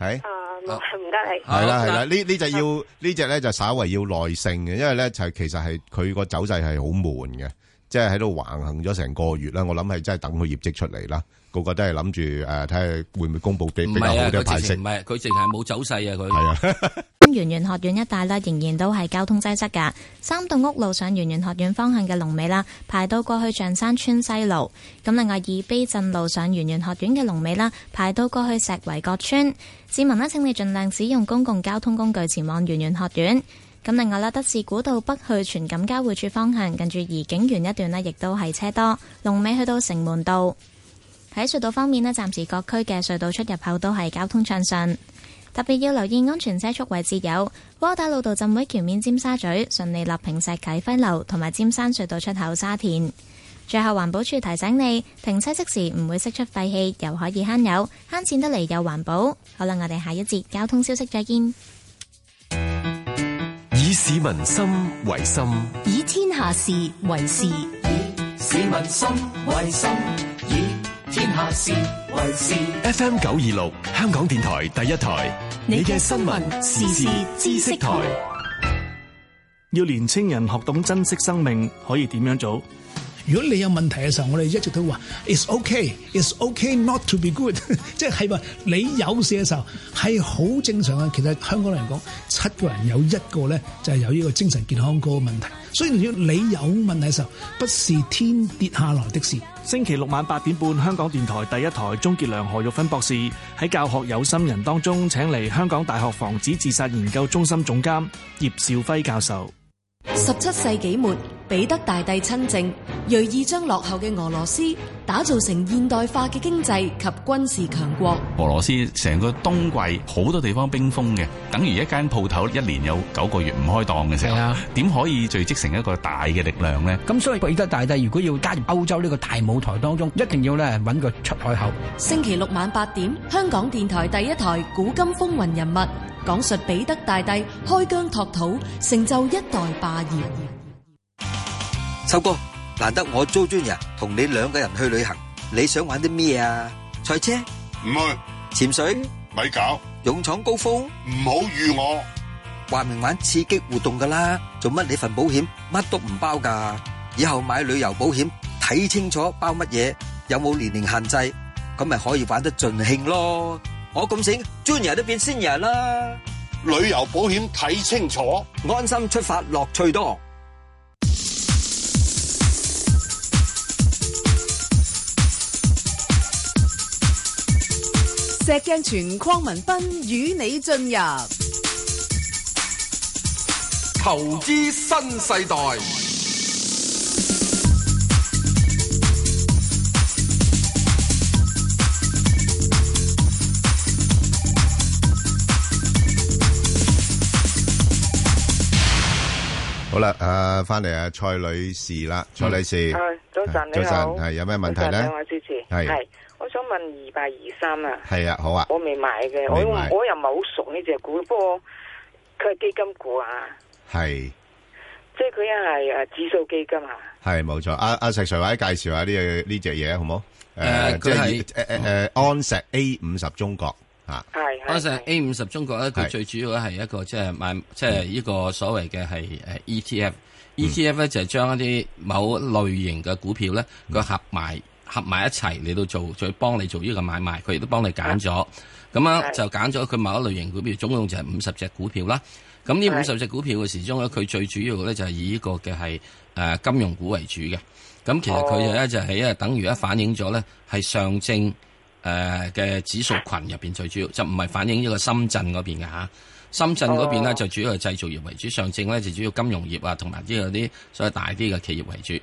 係啊，唔唔得，係啦係啦，呢呢隻要呢、嗯、隻咧就稍微要耐性嘅，因為咧就其實係佢個走勢係好悶嘅，即係喺度橫行咗成個月啦。我諗係真係等佢業績出嚟啦。個個都係諗住誒，睇下會唔會公布比比較好啲派息？唔係佢淨係冇走勢啊！佢係啊。咁，圓玄、啊、 學院一帶呢，仍然都係交通擠塞噶。三棟屋路上圓玄學院方向嘅龍尾啦，排到過去象山村西路。咁，另外，二碑鎮路上圓玄學院嘅龍尾啦，排到過去石圍角村。市民呢，請你盡量使用公共交通工具前往圓玄學院。咁，另外啦，德士古道北去荃錦交匯處方向，近住怡景園一段呢，亦都係車多龍尾去到城門道。喺隧道方面咧，暫時各區嘅隧道出入口都係交通暢順。特別要留意安全車速位置有窩打老道浸會橋面、尖沙咀、順利立坪石啟輝樓同埋尖山隧道出口沙田。最後環保署提醒你，停車熄匙唔會釋出廢氣，又可以慳油、慳錢得嚟又環保。好啦，我哋下一節交通消息再見。以市民心為心，以天下事為事，以市民心為心，以。天下事為事，FM 九二六香港電台第一台，你嘅新聞時事知識台，要年青人學懂珍惜生命，可以點樣做？如果你有問題嘅時候，我哋一直都話：It's okay，It's okay not to be good。即係話你有事嘅時候係好正常嘅。其實香港人講七個人有一個咧，就係有呢個精神健康個問題。所以如果你有問題嘅時候，不是天跌下來的事。星期六晚八點半，香港電台第一台，鍾傑良、何玉芬博士喺教學有心人當中請嚟香港大學防止自殺研究中心總監葉兆輝教授。十七世紀末。彼得大帝親政，銳意將落後嘅俄羅斯打造成現代化嘅經濟及軍事強國。俄羅斯成個冬季好多地方冰封嘅，等於一間鋪頭一年有九個月唔開檔嘅時候，點可以聚積成一個大嘅力量呢？咁所以彼得大帝如果要加入歐洲呢個大舞台當中，一定要咧揾個出海口。星期六晚八點，香港電台第一台《古今風雲人物》講述彼得大帝開疆拓土，成就一代霸業。秋哥，難得我租尊人同你兩個人去旅行，你想玩啲咩啊？賽車？唔去。潛水？咪搞。勇闖高峰？唔好預我。話明玩刺激活動噶啦，做乜你份保險乜都唔包噶？以後買旅遊保險睇清楚包乜嘢，有冇年齡限制？咁咪可以玩得盡興咯。我咁醒，尊人都變仙人啦。旅遊保險睇清楚，安心出發，樂趣多。石鏡泉鄺民彬，與你進入投資新世代。好啦，誒，翻嚟啊，蔡女士啦，蔡女士，早晨，早晨，係有咩問題咧？係。我支持我想問二八二三啊，係啊，好啊，我未買嘅，我我又唔係好熟呢隻股，不過佢係基金股啊，係，即係佢係誒指數基金啊，係冇錯，阿阿、啊啊、石 Sir 介紹下呢隻呢隻嘢好唔好？誒、呃，即係誒誒安石 A 五十中國啊，係安石 A 五十中國咧，佢最主要係一個即係買即係呢個所謂嘅係誒 ETF，ETF、嗯、咧就係將一啲某類型嘅股票咧佢、嗯、合埋。合埋一齊嚟到做，再幫你做呢個買賣，佢亦都幫你揀咗。咁、啊、樣就揀咗佢某一類型股票，總共就係五十隻股票啦。咁呢五十隻股票嘅時鐘咧，佢最主要咧就係以呢個嘅係誒金融股為主嘅。咁其實佢就咧就係等於一反映咗咧係上證誒嘅指數群入邊，最主要，就唔係反映呢個深圳嗰邊嘅。深圳嗰邊咧就主要係製造業為主，上證咧就主要金融業啊，同埋啲有啲所謂大啲嘅企業為主。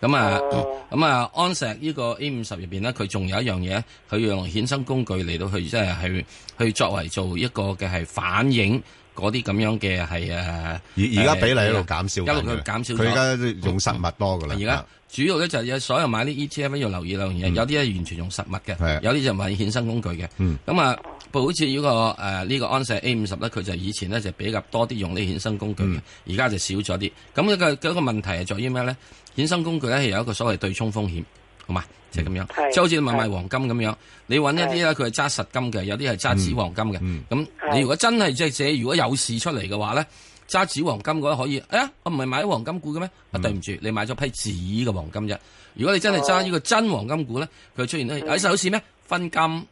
咁啊，咁、嗯嗯、啊，安碩呢個 A 五十入面呢，佢仲有一樣嘢，佢要用衍生工具嚟到去，即係去去作為做一個嘅係反映嗰啲咁樣嘅係誒。而而家比例喺度減少，一路佢減少。佢而家用實物多噶啦。而、嗯、家主要咧就係所有買啲 ETF 要留意兩樣嘢、嗯，有啲係完全用實物嘅，有啲就買衍生工具嘅。咁、嗯、啊，如好似、這個啊這個、呢個誒呢個安碩 A 五十咧，佢就以前咧就比較多啲用呢衍生工具，而、嗯、家就少咗啲。咁、那、一個一、那個問題係在於咩咧？衍生工具咧係有一個所謂對沖風險，好嘛？就係、是、咁樣，即係好似你買賣黃金咁樣，你揾一啲咧佢係揸實金嘅，有啲係揸紙黃金嘅。咁、嗯嗯、你如果真係即係借，如果有事出嚟嘅話咧，揸紙黃金嗰啲可以。哎呀，我唔係買黃金股嘅咩？啊、嗯，對唔住，你買咗批紙嘅黃金啫。如果你真係揸呢個真黃金股咧，佢出現呢啲哎，嗯啊、有市咩？分金。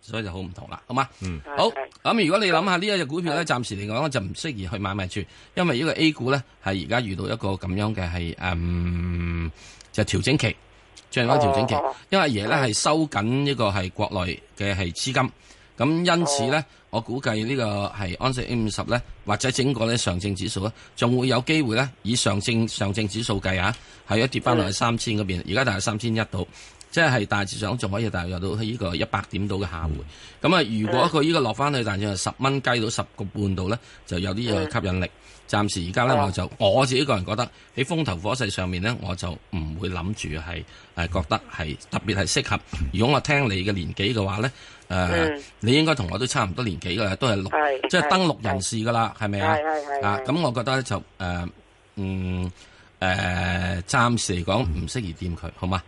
所以就好唔同啦，好嘛？嗯，好。咁如果你諗下呢一隻股票咧，暫時嚟講咧就唔適宜去買賣住，因為呢個 A 股咧係而家遇到一個咁樣嘅係嗯，就調整期，最後一個調整期，哦、因為阿爺咧係收緊呢個係國內嘅係資金，咁因此咧、哦，我估計呢個係安盛 A 五十咧，或者整個咧上證指數咧，仲會有機會咧，以上證上證指數計啊，係一跌翻落去三千嗰邊，而家大概三千一度。即係大致上仲可以大約到呢個一百點度嘅下回，咁啊，如果佢呢個落翻去，大致係十蚊雞到十個半度咧，就有啲嘢吸引力。暫時而家咧，我就我自己個人覺得喺風頭火勢上面咧，我就唔會諗住係誒，覺得係特別係適合。如果我聽你嘅年紀嘅話咧，誒、呃，嗯、你應該同我都差唔多年紀嘅，都係六，即、就是、登六人士㗎啦，係咪啊？啊，咁我覺得就誒、呃，嗯誒、呃，暫時嚟講唔適宜掂佢，好嗎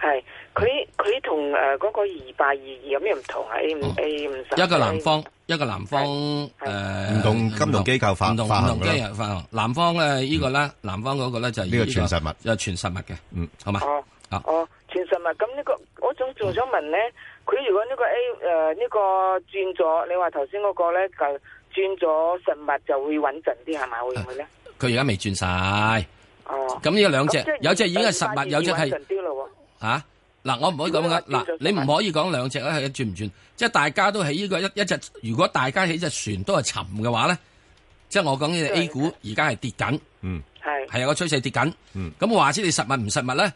係。佢佢同誒嗰個二八二二有咩唔同啊？A 五 A 五十，一個南方，A50, 一個南方誒，唔、uh, 同金融機構發，唔同金融發，南方嘅呢個咧、嗯，南方嗰個咧就呢、這個這個全實物，又全實物嘅，嗯，好嘛？哦哦，哦，全實物咁呢、這個我仲，仲想問咧，佢如果呢個 A 誒、呃、呢、這個轉咗，你話頭先嗰個咧就轉咗、呃哦、實物，就會穩陣啲係咪會唔會咧？佢而家未轉晒哦，咁呢個兩隻有隻已經係實物，有隻係啊？嗱，我唔可以講噶，嗱，你唔可以講兩隻啊，轉唔轉？即係大家都喺呢個一一隻，如果大家喺隻船都係沉嘅話咧，即係我講呢隻 A 股而家係跌緊，嗯，係係有個趨勢跌緊，咁我話知你實物唔實物咧，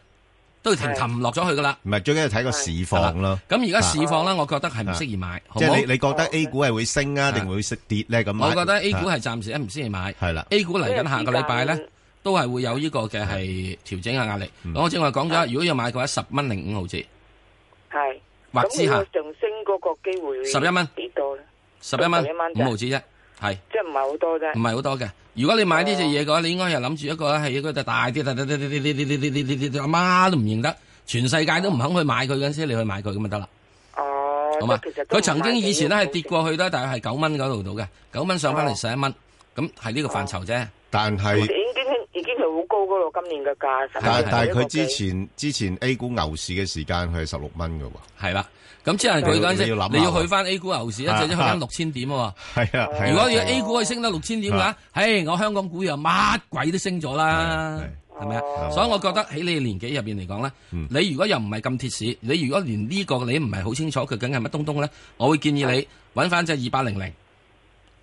都要停停落咗去噶啦。唔係，最緊要睇個市況咯。咁而家市況咧，我覺得係唔適宜買，即係你你覺得 A 股係會升啊，定會識跌咧？咁，我覺得 A 股係暫時唔適宜買。係啦，A 股嚟緊下，下個禮拜咧。都係會有呢個嘅係調整嘅壓力。我正話講咗，如果要買嘅話，十蚊零五毫子，係，或之下上升嗰個機會十一蚊幾多咧？十一蚊，十一蚊五毫子啫，係，即係唔係好多啫？唔係好多嘅。如果你買呢隻嘢嘅話，你應該又諗住一個係應該就大啲，啲啲啲啲啲啲啲啲啲啲啲啲啲阿媽都唔認得，全世界都唔肯去買佢嗰陣時，你去買佢咁啊得啦。哦，好嘛，佢曾經以前咧係跌過去咧，大約係九蚊嗰度到嘅，九蚊上翻嚟十一蚊，咁係呢個範疇啫。但係。好高嗰個今年嘅價、啊，但但係佢之前之前 A 股牛市嘅時間佢係十六蚊嘅喎，係啦，咁即係佢嗰陣你要去翻 A 股牛市，一陣一去翻六千點啊，係啊,啊，如果要 A 股可以升得六千點嘅、啊、話，唉、啊啊，我香港股又乜鬼都升咗啦、啊，係咪啊,啊,啊,啊,啊？所以我覺得喺你年紀入邊嚟講呢，你如果又唔係咁貼士，你如果連呢個你唔係好清楚佢究竟係乜東東呢，我會建議你揾翻即二八零零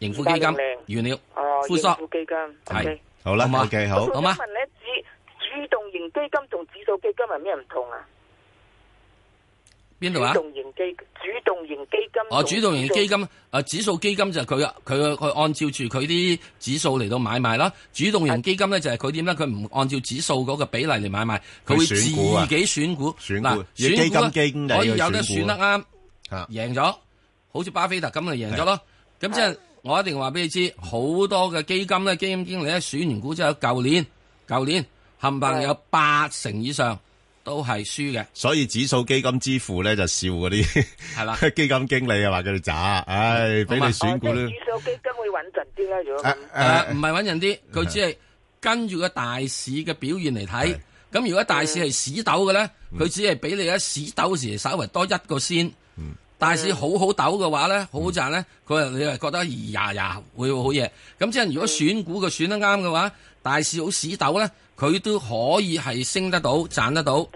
盈富基金，完了，哦，盈富基金、okay okay 好啦，OK，好好嘛。主動型基金同指數基金係咩唔同啊？邊度啊？主動型基主動型基金哦，主動型基金啊、呃，指數基金就係佢啊，佢佢按照住佢啲指數嚟到買賣啦。主動型基金咧就係佢點咧，佢唔按照指數嗰個比例嚟買賣，佢會自己選股。選股。嗱，選股啊，選股可以有得選，選得啱，贏咗、啊，好似巴菲特咁就贏咗咯，咁即係。我一定話俾你知，好多嘅基金咧，基金經理咧選完股之後，舊年、舊年冚唪唥有八成以上都係輸嘅。所以指數基金之父咧就笑嗰啲係啦，基金經理啊話佢哋渣，唉俾你選股。我、啊、指數基金會穩陣啲啦，如果誒唔係穩陣啲，佢、啊呃、只係跟住個大市嘅表現嚟睇。咁如果大市係屎斗嘅咧，佢只係俾你一屎斗時，稍微多一個先。大市好好抖嘅話咧，好好賺咧，佢又你係覺得、哎、呀呀會好嘢。咁即係如果選股嘅選得啱嘅話，大市好屎抖咧，佢都可以係升得到賺得到，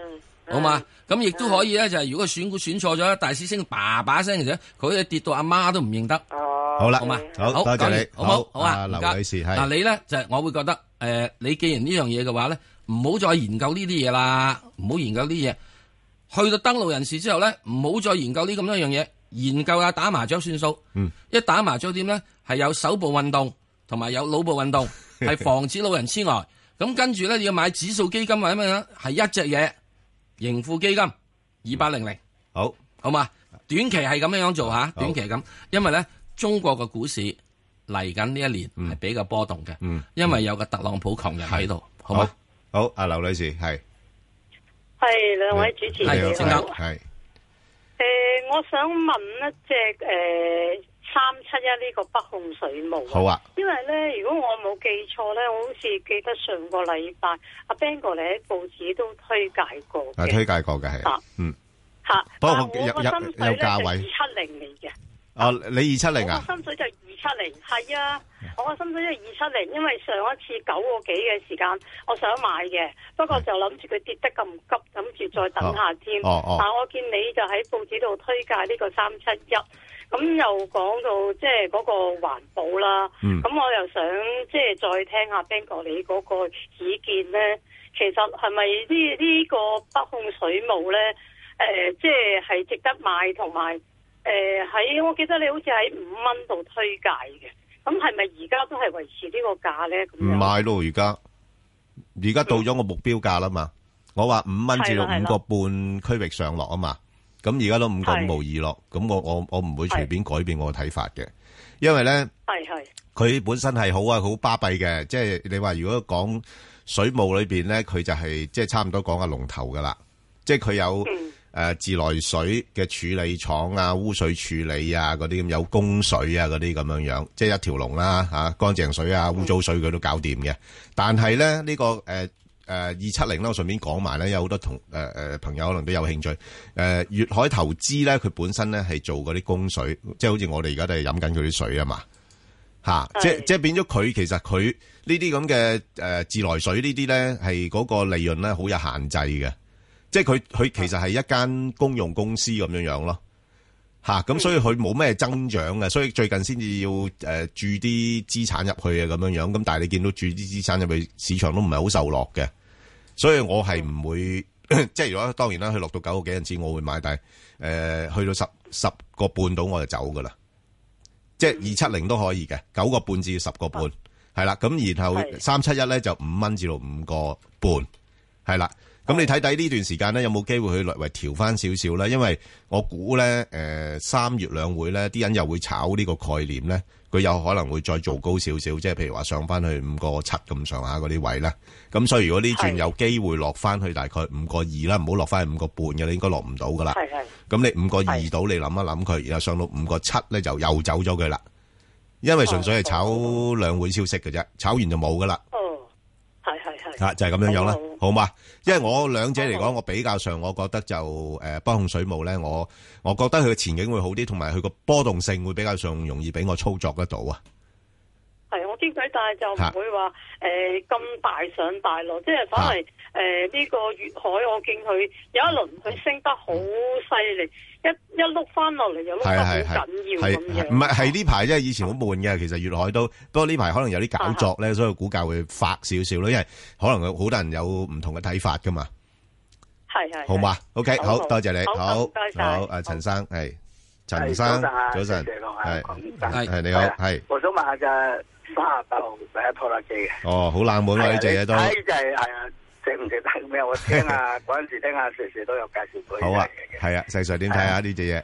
好嘛？咁亦都可以咧、就是，就係如果選股選錯咗，大市升爸爸聲嘅啫，佢啊跌到阿媽，媽都唔認得。好啦，好嘛，好，多謝，謝你，好，好，好啊，劉女士，嗱你咧就係、是、我會覺得誒、呃，你既然呢樣嘢嘅話咧，唔好再研究呢啲嘢啦，唔好研究呢啲嘢。去到登陸人士之後咧，唔好再研究呢咁多一樣嘢，研究下打麻雀算數。嗯。一打麻雀點咧，係有手部運動同埋有腦部運動，係防止老人痴呆。咁 跟住咧要買指數基金，或者咩啊？係一隻嘢，盈富基金二八零零。好，好嘛？短期係咁樣樣做吓，短期係咁，因為咧中國嘅股市嚟緊呢一年係比較波動嘅，因為有個特朗普強人喺度。好，冇？好，阿劉女士係。係兩位主持人，係，誒、呃，我想問一隻誒三七一呢個北控水務，好啊，因為咧，如果我冇記錯咧，我好似記得上個禮拜阿 Ben 過嚟喺報紙都推介過的、啊、推介過嘅，係、啊，嗯，吓、啊，不過有價位。二七零嚟嘅。你二七零啊？七零係啊，我心水一係二七零，因為上一次九個幾嘅時間，我想買嘅，不過就諗住佢跌得咁急，諗住再等下添。Oh, oh, oh. 但係我見你就喺報紙度推介呢個三七一，咁又講到即係嗰個環保啦，咁、mm. 我又想即係、就是、再聽下 Ben 哥你嗰個意見呢？其實係咪呢呢個北控水務呢？誒、呃，即、就、係、是、值得買同埋？誒、嗯，喺我記得你好似喺五蚊度推介嘅，咁係咪而家都係維持個價呢個價咧？唔係咯，而家而家到咗個目標價啦嘛。嗯、我話五蚊至到五個半區域上落啊嘛。咁而家都五個五毫二落，咁我我我唔會隨便改變我嘅睇法嘅，因為咧係係佢本身係好啊，好巴閉嘅。即係你話如果講水務裏邊咧，佢就係即係差唔多講個龍頭噶啦，即係佢有。嗯誒，自來水嘅處理廠啊，污水處理啊，嗰啲咁有供水啊，嗰啲咁樣樣，即係一條龍啦、啊、嚇、啊，乾淨水啊，嗯、污糟水佢都搞掂嘅。但係咧，呢個呃呃、270，呢個誒誒二七零我順便講埋咧，有好多同誒、呃、朋友可能都有興趣。誒、呃，粵海投資咧，佢本身咧係做嗰啲供水，即係好似我哋而家都係飲緊佢啲水啊嘛，即係即係變咗佢其實佢呢啲咁嘅誒自來水呢啲咧係嗰個利潤咧好有限制嘅。即係佢佢其實係一間公用公司咁樣樣咯，吓、啊、咁所以佢冇咩增長嘅，所以最近先至要誒、呃、注啲資產入去啊咁樣樣，咁但係你見到注啲資產入去市場都唔係好受落嘅，所以我係唔會、嗯、 即係如果當然啦，佢落到九個幾人錢我會買，但係誒、呃、去到十十個半到我就走噶啦，即係二七零都可以嘅，九個半至十個半係啦，咁、嗯、然後三七一咧就五蚊至到五個半係啦。咁你睇睇呢段時間咧，有冇機會去略為調翻少少呢？因為我估咧，誒、呃、三月兩會咧，啲人又會炒呢個概念咧，佢有可能會再做高少少，即係譬如話上翻去五個七咁上下嗰啲位呢。咁所以如果呢轉有機會落翻去大概五個二啦，唔好落翻去五個半嘅，你應該落唔到噶啦。係係。咁你五個二到你諗一諗佢，然後上到五個七咧，就又走咗佢啦。因為純粹係炒兩會消息嘅啫，炒完就冇噶啦。係係係，啊就係、是、咁樣樣啦，好嘛？因為我兩者嚟講，我比較上我覺得就、呃控水呢我，我覺得就誒，北控水務咧，我我覺得佢嘅前景會好啲，同埋佢個波動性會比較上容易俾我操作得到啊。係，我見佢，但係就唔會話誒咁大上大落，即係反為誒呢個粵海，我見佢有一輪佢升得好犀利，一一碌翻落嚟，又碌得好緊要咁樣。唔係，係呢排啫，以前好悶嘅。其實粵海都，不過呢排可能有啲搞作咧，所以股價會發少少咯。因為可能好多人有唔同嘅睇法噶嘛。係係、okay，好嘛？OK，好多謝你，好，唔該好誒，陳生係，陳生係早晨，係，你好，係、啊。我想問下卅八號第一拖拉機嘅，哦，好冷門呢隻嘢都，睇就係係啊，正唔正？得、哎？咩？ 我聽啊，嗰陣時聽啊，時時都有介紹佢。好啊，係啊，細細點睇下呢隻嘢。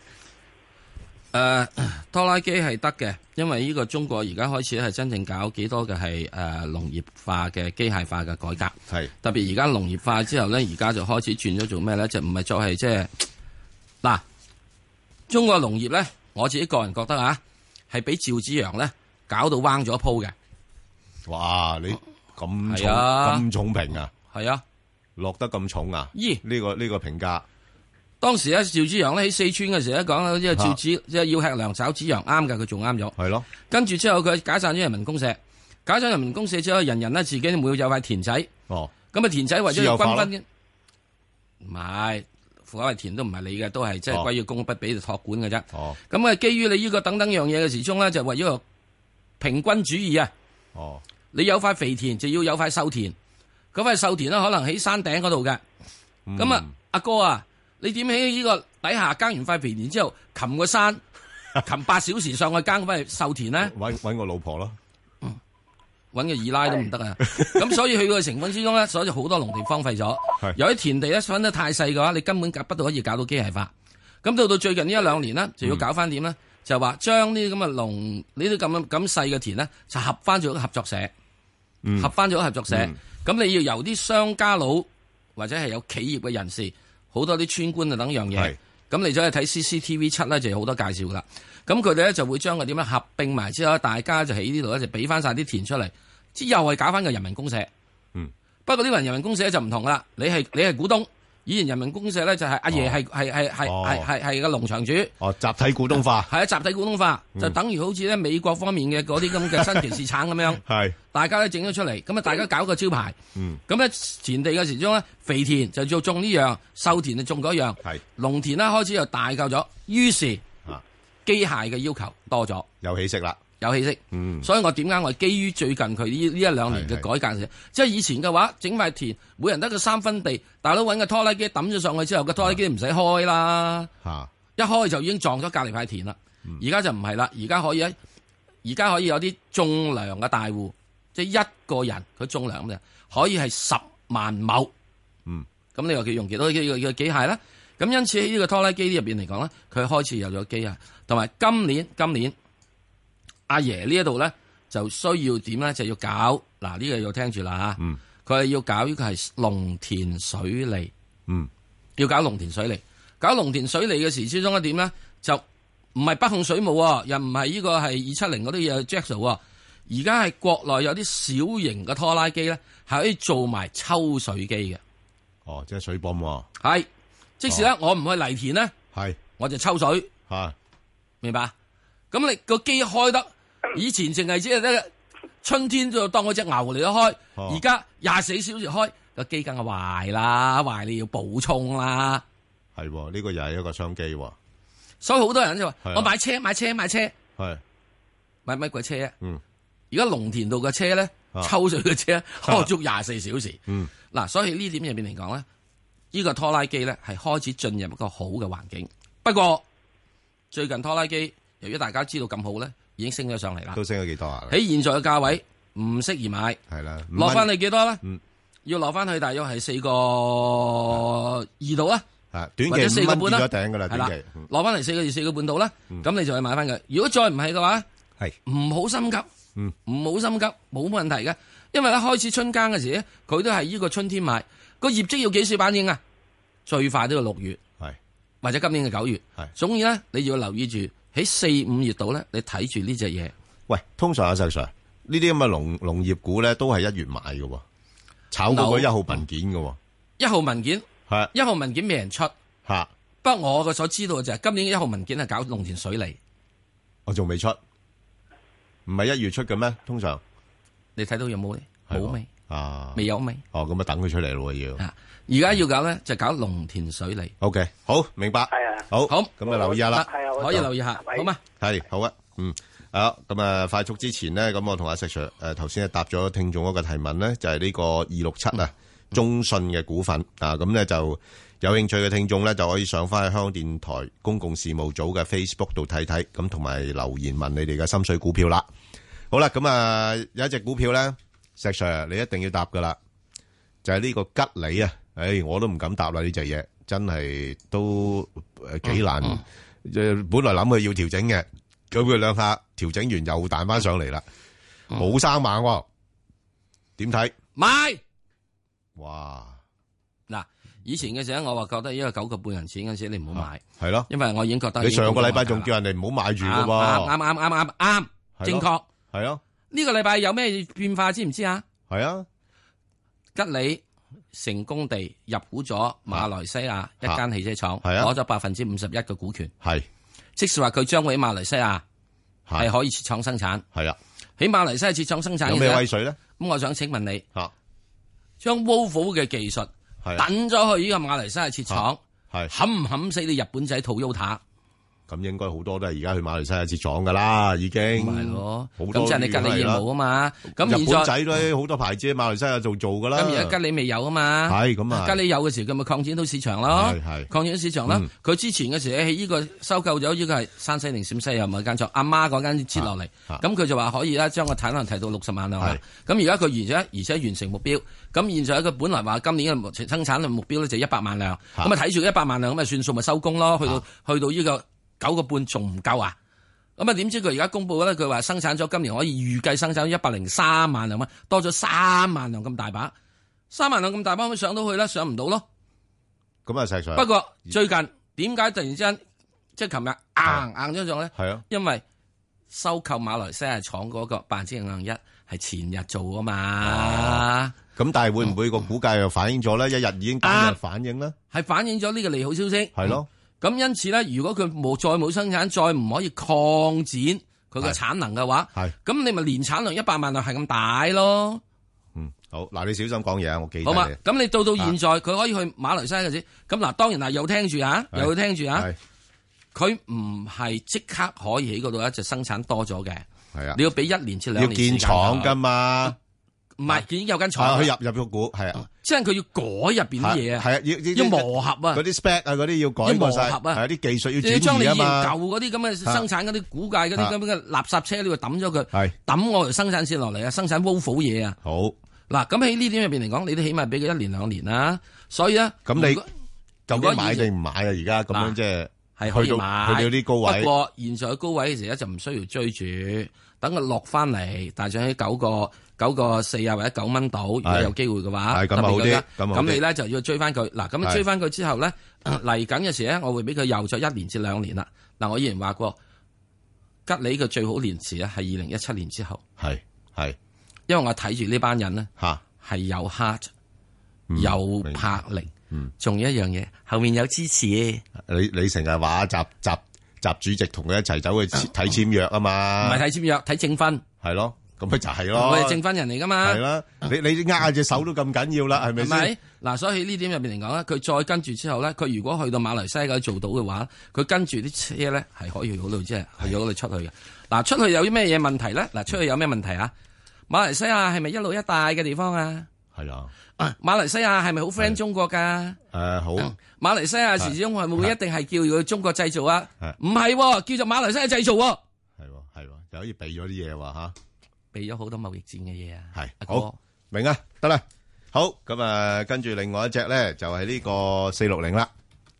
誒、啊，拖拉機係得嘅，因為呢個中國而家開始係真正搞幾多嘅係誒農業化嘅機械化嘅改革。係特別而家農業化之後咧，而家就開始轉咗做咩咧？就唔係作係即係嗱，中國農業咧，我自己個人覺得啊，係畀趙紫陽咧。搞到彎咗一鋪嘅，哇！你咁重咁重平啊？係啊，啊，落得咁重啊？咦？呢、這個呢、這個評價，當時咧，趙紫陽咧喺四川嘅時候一講啊，即係趙紫即係要吃糧找紫陽啱噶，佢仲啱咗。係咯，跟住之後佢解散咗人民公社，解散人民公社之後，人人呢自己都會有塊田仔。哦，咁啊，田仔為咗要均分嘅，唔係，戶口嘅田都唔係你嘅，都係即係歸於公，不俾度託管嘅啫。哦，咁啊，哦、基於你呢個等等樣嘢嘅時鐘咧，就為咗。平均主義啊！哦，你有塊肥田就要有塊瘦田，嗰塊瘦田咧可能喺山頂嗰度嘅。咁、嗯、啊，阿哥，哥啊，你點喺呢個底下耕完塊肥田之後，冚個山，冚八小時上去耕嗰塊瘦田咧？搵 搵個老婆咯，搵、嗯、個二奶都唔得啊！咁、哎、 所以去個情況之中咧，所以好多農田荒廢咗。由於田地咧分得太細嘅話，你根本搞不到可以搞到機械化。咁到到最近呢一兩年呢，就要搞翻點咧？嗯就話將啲咁嘅農呢啲咁咁細嘅田咧，就合翻做合作社，嗯、合翻做合作社。咁、嗯、你要由啲商家佬或者係有企業嘅人士，好多啲村官啊等樣嘢，咁嚟。咗去睇 CCTV 七咧就有好多介紹噶。咁佢哋咧就會將佢點樣合併埋之後，大家就喺呢度咧就俾翻晒啲田出嚟，之又係搞翻個人民公社。嗯，不過呢個人，人民公社就唔同啦，你係你係股東。以前人民公社咧就係阿爺係係係係係係係個農場主，哦，集體股東化。係啊、嗯、集體股東化就等於好似咧美國方面嘅嗰啲咁嘅新田市產咁樣，係 是大家咧整咗出嚟，咁啊大家搞個招牌，嗯，咁咧前地嘅時鐘咧肥田就做種呢樣，瘦田就種嗰樣，係是農田咧開始又大夠咗，於是啊機械嘅要求多咗，有起色啦。有氣息、嗯，所以我點解我基於最近佢呢呢一兩年嘅改革嘅，即係以前嘅話整塊田，每人得個三分地，大佬搵個拖拉機抌咗上去之後，個拖拉機唔使開啦，一開就已經撞咗隔籬塊田啦。而、嗯、家就唔係啦，而家可以喺而家可以有啲種糧嘅大戶，即係一個人佢種糧嘅，可以係十萬畝，咁、嗯、你話佢用幾多機械咧？咁因此喺呢個拖拉機入邊嚟講咧，佢開始有咗機械，同埋今年今年。今年阿爺呢一度咧就需要點咧，就要搞嗱呢、啊這個要聽住啦吓，佢、嗯、係要搞呢個係農田水利，嗯、要搞農田水利。搞農田水利嘅時之中一點咧，就唔係北控水務啊，又唔係呢個係二七零嗰啲嘢 jet 數喎，而家係國內有啲小型嘅拖拉機咧，係可以做埋抽水機嘅。哦，即、就、係、是、水泵係、啊，即使咧我唔去泥田咧，係、哦、我就抽水吓，明白？咁你個機開得？以前淨係只得春天就當嗰隻牛嚟咗開，而家廿四小時開個機梗係壞啦，壞，你要補充啦。係呢個又係一個商機，所以好多人就話，我買車買車買車，係買乜鬼車啊？嗯，而家農田度嘅車咧，抽水嘅車開足廿四小時。嗯，嗱，所以呢點入邊嚟講咧，呢個拖拉機咧係開始進入一個好嘅環境。不過最近拖拉機由於大家知道咁好咧。已經升咗上嚟啦，都升咗幾多啊？喺現在嘅價位唔適宜買，係啦，落翻嚟幾多咧？嗯，要落翻去大約係四個二度啊，短期四個半啦，頂噶啦，短期落翻嚟四個二，四個半度啦，咁你就去買翻佢。如果再唔係嘅話，係唔好心急，嗯，唔好心急，嗯，冇問題嘅。因為咧開始春耕嘅時咧，佢都係依個春天買，個業績要幾時反映啊？最快都要六月，係或者今年嘅九月，係。總之咧你要留意住。喺四五月度咧，你睇住呢隻嘢。喂，通常石 Sir 呢啲咁嘅農農業股咧，都係一月買嘅，炒過一號文件嘅。一號文件係一號文件，未人出吓。不過，我嘅所知道嘅就係、是、今年一號文件係搞農田水利。我仲未出，唔係一月出嘅咩？通常你睇到有冇味？冇味啊，未有味。哦，咁啊，等佢出嚟咯，要而家要搞咧就搞農田水利。嗯、o、okay. K，好明白。係啊，好好咁啊，就留意一下啦。可以留意下，好嘛？係好啊，嗯，好。咁啊，快速之前呢，咁我同阿石 Sir 誒頭先係答咗聽眾嗰個提問咧，就係、是、呢個二六七啊，中信嘅股份啊，咁咧就有興趣嘅聽眾咧，就可以上翻去香港電台公共事務組嘅 Facebook 度睇睇，咁同埋留言問你哋嘅心水股票啦。好啦，咁啊有一隻股票咧，石 Sir 你一定要答噶啦，就係、是、呢個吉利啊，唉、哎、我都唔敢答啦呢隻嘢，真係都誒幾、呃、難。嗯嗯本來諗佢要調整嘅，咁佢兩下調整完又彈翻上嚟啦，冇、嗯、生猛、喎，點睇？買，哇！嗱，以前嘅時候，我話覺得因為九個半銀錢嗰時，你唔好買，係、啊、咯、啊，因為我已經覺得經你上個禮拜仲叫人哋唔好買住嘅噃，啱啱啱啱啱，正確，係咯、啊。呢、這個禮拜有咩變化？知唔知啊？係啊，吉利。成功地入股咗馬來西亞一間汽車廠，攞咗百分之五十一嘅股權。係，即是話佢將會喺馬來西亞係可以設廠生產。係啊，喺馬來西亞設廠生產有咩威水咧？咁我想請問你，將 Volvo 嘅技術等咗去呢個馬來西亞設廠，冚唔冚死你日本仔 Toyota？咁應該好多都係而家去馬來西亞設廠噶啦，已經。咁、嗯、就係你吉利業務啊嘛。咁現在仔都好多牌子喺馬來西亞做做噶啦。咁而家吉利未有啊嘛。係咁啊，吉利有嘅時佢咪擴展到市場咯，擴展到市場咯。佢之前嘅時候喺呢、嗯呢個收購咗呢個係山西寧陜西又買間廠，阿媽嗰間設落嚟。咁佢就話可以啦，將個產量提到六十萬輛。咁而家佢完而且完成目標。咁現在佢本來話今年嘅生產量目標咧就一百萬輛。咁啊睇住一百萬輛咁啊算數咪收工咯，去到去到、呢個。九個半仲唔夠啊？咁啊？點知佢而家公布咧？佢話生產咗今年可以預計生產一百零三萬兩蚊，多咗三萬兩咁大把，三萬兩咁大把，會上到去啦？上唔到咯。咁啊，細水。不過最近點解突然之間即係琴日硬硬咗咗咧？係啊，啊，因為收購馬來西亞廠嗰個百分之五一係前日做啊嘛。咁、啊、但係會唔會個股價又反映咗咧？一日已經今日反映啦？係、啊、反映咗呢個利好消息。係咯、啊。嗯咁因此咧，如果佢冇再冇生產，再唔可以擴展佢個產能嘅話，咁你咪年產量一百萬量係咁大咯。嗯，好嗱，你小心講嘢啊，我記住嘛，咁你到到現在，佢可以去馬來西亞先。咁嗱，當然啦又聽住啊，又聽住啊。佢唔係即刻可以喺嗰度一就生產多咗嘅。啊，你要俾一年至兩年時間要建廠㗎嘛。 唔係，已經有間廠，佢入入咗股。係啊，即係佢要改入邊啲嘢啊。係啊，要要磨合啊，嗰啲 spec 啊，嗰啲要改磨合啊，有啲技術要轉型啊嘛。你將你以前舊嗰啲咁嘅生產嗰啲古界嗰啲咁嘅垃圾車呢度抌咗佢，係抌我條生產線落嚟啊，生產 wool 嘢啊。好，嗱咁喺呢啲入邊嚟講，你都起碼俾佢一年兩年啦。所以啊，咁你究竟買定唔買啊？而家咁樣即係，係可以買。不過現在嘅高位嘅時候就唔需要追住，等佢落翻嚟，但上喺九個九個四啊，或者九蚊到，如果有機會嘅話，係咁好啲。咁你咧就要追翻佢。嗱，咁追翻佢之後咧嚟緊嘅時咧，我會俾佢又咗一年至兩年啦。嗱，我依然話過吉利嘅最好年期咧係二零一七年之後。係係，因為我睇住呢班人咧，吓係有 heart，、嗯、有魄力，仲、嗯、有一樣嘢、嗯，後面有支持。你你成日話習習習主席同佢一齊走去睇簽約啊嘛，唔係睇簽約，睇證婚，係咯。咁咪就係咯，我哋正分人嚟噶嘛，係啦。你你握下隻手都咁緊要啦，係咪先？嗱，所以呢點入邊嚟講咧，佢再跟住之後咧，佢如果去到馬來西亞嗰度做到嘅話，佢跟住啲車咧係可以攞到即係攞到出去嘅。嗱，出去有啲咩嘢問題咧？嗱，出去有咩問題啊？馬來西亞係咪一路一帶嘅地方啊？係啊。馬來西亞係咪好 friend 中國噶？誒，好。馬來西亞始終係會唔會一定係叫佢中國製造啊？唔係，叫做馬來西亞製造。係係，就可以避咗啲嘢話吓。俾咗好多貿易戰嘅嘢啊，係好明啊，得啦，好咁啊，跟住另外一隻咧就係呢個 460, 四六零啦，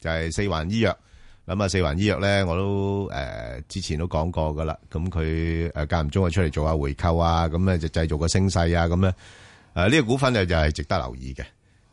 就係四環醫藥。諗下四環醫藥咧，我都誒、呃、之前都講過噶啦，咁佢誒間唔中啊出嚟做下回購啊，咁啊就製造個升勢啊，咁樣誒呢、呃這個股份又就係值得留意嘅，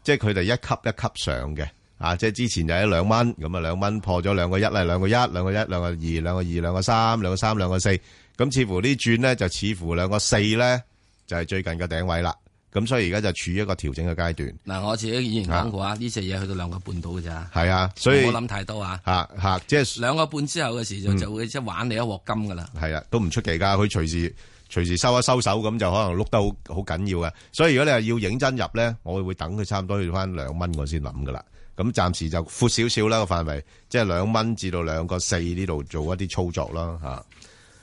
即係佢哋一級一級上嘅啊，即係之前就係一兩蚊，咁啊兩蚊破咗兩個一啦，兩個一，兩個一，兩個二，兩個二，兩個三，兩個三，兩個四。咁似乎呢轉咧就似乎兩個四咧就係、是、最近嘅頂位啦，咁所以而家就處於一個調整嘅階段。嗱、啊，我自己以前講過啊，呢隻嘢去到兩個半到嘅咋。係啊，所以冇諗太多啊。吓、啊、吓，即、就、係、是、兩個半之後嘅時就就會即係玩你一鑊金噶啦。係、嗯、啊，都唔出奇噶，佢隨時隨時收一收手咁就可能碌得好好緊要嘅。所以如果你係要認真入咧，我會等佢差唔多去翻兩蚊我先諗噶啦。咁暫時就闊少少啦個範圍，即、就、係、是、兩蚊至到兩個四呢度做一啲操作囉。吓、啊。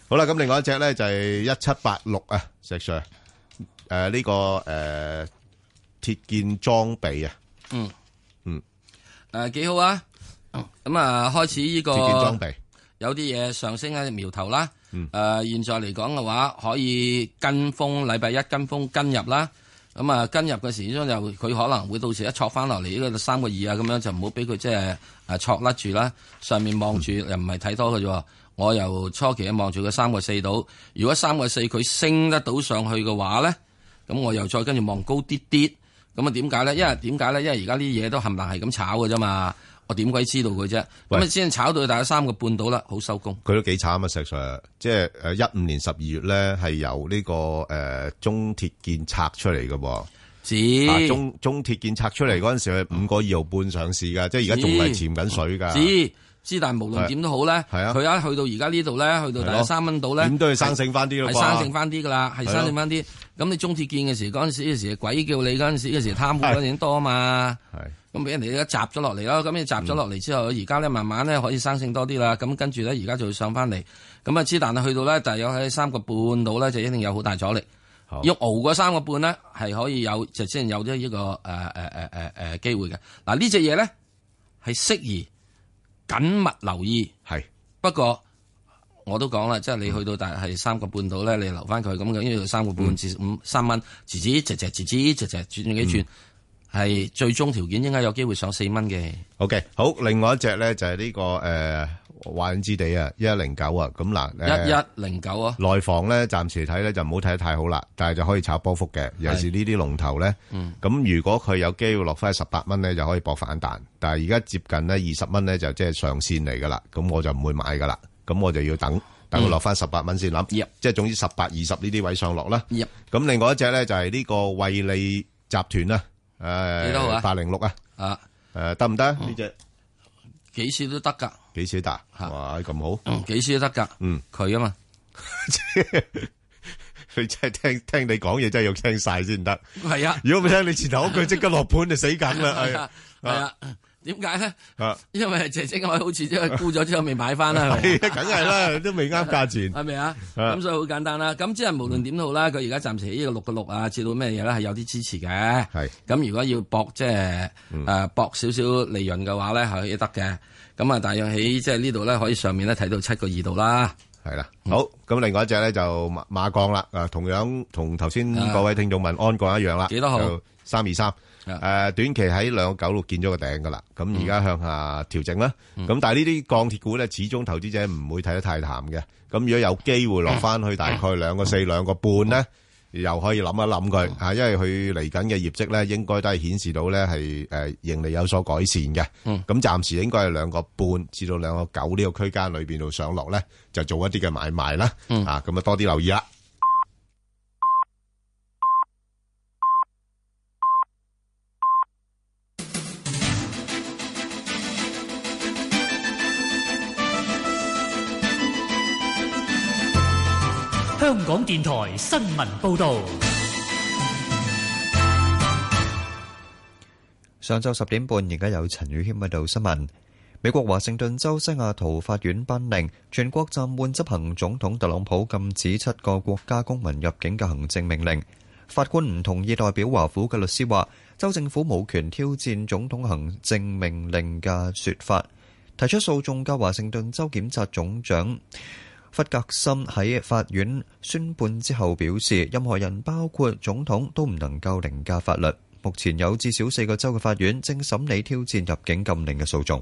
好啦，咁另外一隻咧就係一七八六啊，石 Sir，誒呢個誒鐵建裝備啊，嗯、這個啊、嗯，誒、嗯啊、幾好啊，咁、嗯、啊開始呢、這個鐵建裝備有啲嘢上升一苗頭啦，誒、嗯啊、現在嚟講嘅話可以跟風，禮拜一跟風跟入啦，咁啊跟入嘅時候就佢可能會到時一挫翻落嚟呢個三個二啊咁樣就唔好俾佢即係誒挫甩住啦，上面望住又唔係睇多佢啫。嗯我又初期望住佢三個四度，如果三個四佢升得到上去嘅話咧，咁我又再跟住望高啲啲。咁啊，點解咧？因為點解咧？因為而家啲嘢都冚唪唥係咁炒嘅啫嘛。我點鬼知道佢啫？咁啊，先炒到佢大概三個半到啦，好收工。佢都幾慘啊！石 Sir，即係誒、這個，一五年十二月咧係由呢個誒中鐵建拆出嚟嘅，喎。中鐵、啊、中鐵建拆出嚟嗰陣時係五個二毫半上市噶，即係而家仲係潛緊水噶。之但無論點都好咧，佢一去到而家呢度咧，去到大約三蚊度咧，點都要生性翻啲咯，係生性翻啲噶啦，係、啊、生性翻啲。咁、啊、你中鐵建嘅時候，嗰陣時時鬼叫你，嗰陣時嘅時貪污嗰多啊嘛，咁俾人哋一閘咗落嚟咯，咁你閘咗落嚟之後，而家咧慢慢咧可以生性多啲啦。咁跟住咧，而家就上翻嚟。咁啊之但去到咧就係有喺三個半度咧，就一定有好大阻力。要熬過三個半咧，係可以有就先、是、有咗、這、一個誒誒誒誒誒機會嘅。嗱呢隻嘢咧係適宜。緊密留意，係不過我都講啦，即係你去到大係三個半度咧，你留翻佢咁嘅，因為三個半至五三蚊，止、嗯、止，直直、嗯，止止，直直，轉幾轉，係最終條件應該有機會上四蚊嘅。OK，好，另外一隻咧就係呢、這個誒。呃幻之地109、呃、啊，一零九啊，咁嗱，一一零九啊，內房咧，暫時睇咧就唔好睇得太好啦，但係就可以炒波幅嘅，尤其是呢啲龍頭咧。咁、嗯、如果佢有機會落翻十八蚊咧，就可以搏反彈。但係而家接近呢二十蚊咧，就即係上線嚟噶啦，咁我就唔會買噶啦，咁我就要等等佢落翻十八蚊先諗，即、嗯、係總之十八二十呢啲位上落啦。咁、嗯、另外一隻咧就係、是、呢個惠理集團啊誒，幾多啊，八零六啊，誒、啊，得唔得？呢隻、哦、幾次都得噶。幾次得？哇，咁好，嗯，幾次都得噶，嗯，佢啊嘛，佢 真係聽聽你講嘢，真係要聽晒先得，係啊，如果唔聽你前頭嗰句，即刻落盤就死梗啦，係 啊，係啊。點解咧？因為姐志海好似即係沽咗之後未買翻啦，梗係啦，是是 都未啱價錢，係咪啊？咁所以好簡單啦。咁即係無論點都好啦，佢而家暫時喺呢個六個六啊，至到咩嘢咧？係有啲支持嘅。係咁，如果要搏即係誒搏少少利潤嘅話咧，係可以得嘅。咁啊，大約喺即係呢度咧，可以上面咧睇到七個二度啦。係啦，啊，好。咁另外一隻咧就馬馬鋼啦，啊。同樣同頭先各位聽眾問鞍鋼一樣啦。幾，啊，多號？三二三。誒，短期喺兩個九六見咗個頂噶啦，咁而家向下調整啦。咁但係呢啲鋼鐵股咧，始終投資者唔會睇得太淡嘅。咁如果有機會落翻去大概兩個四、兩個半咧，又可以諗一諗佢。吓，因為佢嚟緊嘅業績咧，應該都係顯示到咧係誒盈利有所改善嘅。咁暫時應該係兩個半至到兩個九呢個區間裏邊度上落咧，就做一啲嘅買賣啦。啊，咁啊多啲留意啦。香港電台新聞報道：上晝十點半，而家有陳宇謙喺度新聞。美國華盛頓州西雅圖法院頒令，全國暫緩執行總統特朗普禁止七個國家公民入境嘅行政命令。法官唔同意代表華府嘅律師話，州政府冇權挑戰總統行政命令嘅說法。提出訴訟嘅華盛頓州檢察總長，弗格森喺法院宣判之後表示，任何人包括總統都唔能夠凌駕法律。目前有至少四個州嘅法院正審理挑戰入境禁令嘅訴訟。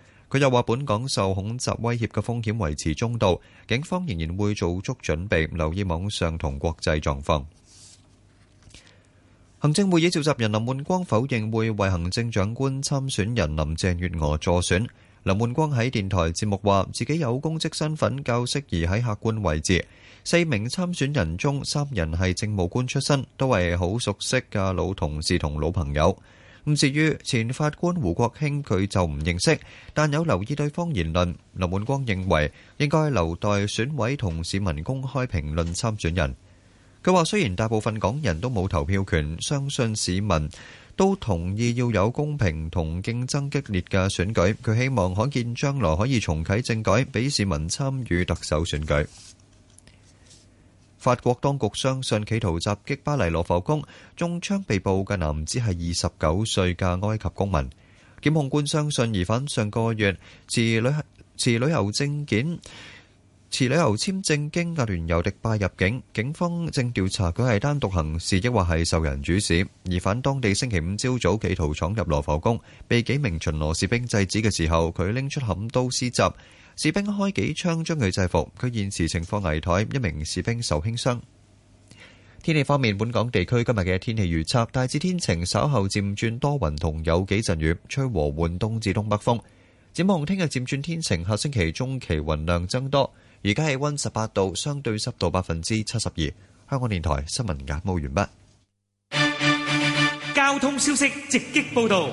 佢又話：本港受恐襲威脅嘅風險維持中度，警方仍然會做足準備，留意網上同國際狀況。行政會議召集人林煥光否認會為行政長官參選人林鄭月娥助選。林煥光喺電台節目話：自己有公職身份較適宜喺客觀位置。四名參選人中，三人係政務官出身，都係好熟悉嘅老同事同老朋友。唔至於前法官胡國興，佢就唔認識，但有留意對方言論。林滿光認為應該留待選委同市民公開評論參選人。佢話：雖然大部分港人都冇投票權，相信市民都同意要有公平同競爭激烈嘅選舉。佢希望可見將來可以重啓政改，俾市民參與特首選舉。法國當局相信，企圖襲擊巴黎羅浮宮中槍被捕嘅男子係二十九歲嘅埃及公民。檢控官相信疑犯上個月持旅行持旅遊證件、持旅遊簽證經阿聯酋迪拜入境，警方正調查佢係單獨行事，抑或係受人主使。疑犯當地星期五朝早，早企圖闖入羅浮宮，被幾名巡邏士兵制止嘅時候，佢拎出砍刀施襲。士兵開幾槍將佢制服，佢現時情況危殆，一名士兵受輕傷。天氣方面，本港地區今日嘅天氣預測大致天晴，稍後漸轉多雲同有幾陣雨，吹和緩東至東北風。展望聽日漸轉天晴，下星期中期雲量增多。而家氣溫十八度，相對濕度百分之七十二。香港電台新聞眼報完畢。交通消息直擊報道。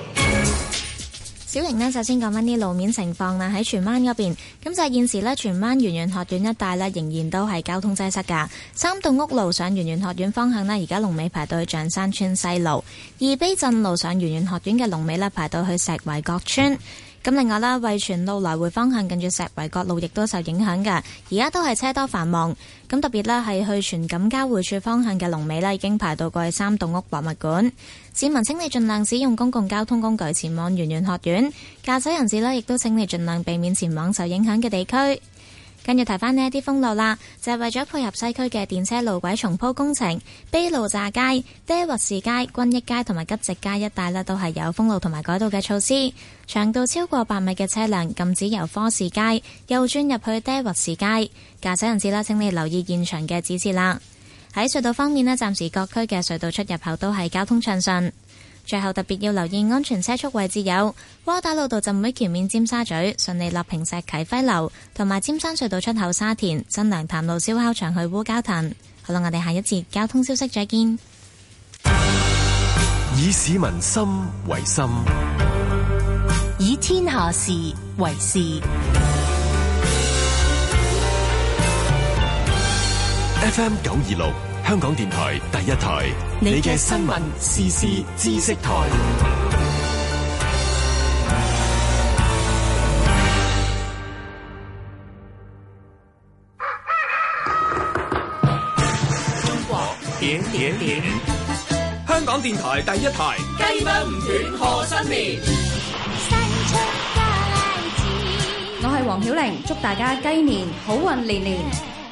小瑩呢，首先講翻啲路面情況啦。喺荃灣嗰邊，咁就現時呢，荃灣圓玄學院一帶呢，仍然都係交通擠塞噶。三棟屋路上圓玄學院方向呢，而家龍尾排到去象山村西路；二陂圳路上圓玄學院嘅龍尾呢，排到去石圍角村。咁另外啦，蕙荃路來回方向近住石圍角路亦都受影響㗎。而家都係車多繁忙。咁特別呢，係去荃錦交匯處方向嘅龍尾呢，已經排到過去三棟屋博物館。市民請你盡量使用公共交通工具前往圓玄學院，駕駛人士呢，亦都請你盡量避免前往受影響嘅地區。跟住提翻呢一啲封路啦，就係為咗配合西區嘅電車路軌重鋪工程，卑路乍街、爹核士街、均益街同埋吉直街一帶呢，都係有封路同埋改道嘅措施，長度超過八米嘅車輛禁止由科士街右轉入去爹核士街，駕駛人士呢，請你留意現場嘅指示啦。喺隧道方面咧，暫時各區嘅隧道出入口都係交通暢順。最後特別要留意安全車速位置有窩打老道浸會橋面、尖沙咀、順利落坪石啟輝樓，同埋尖山隧道出口沙田新娘潭路燒烤場去烏蛟騰。好啦，我哋下一節交通消息再見。以市民心為心，以天下事為事。FM 九二六，香港電台第一台，你嘅新聞、時事、知識台。中國點點點，香港電台第一台。雞年唔斷賀新年，新春佳節，我係黃曉玲，祝大家雞年好運連連。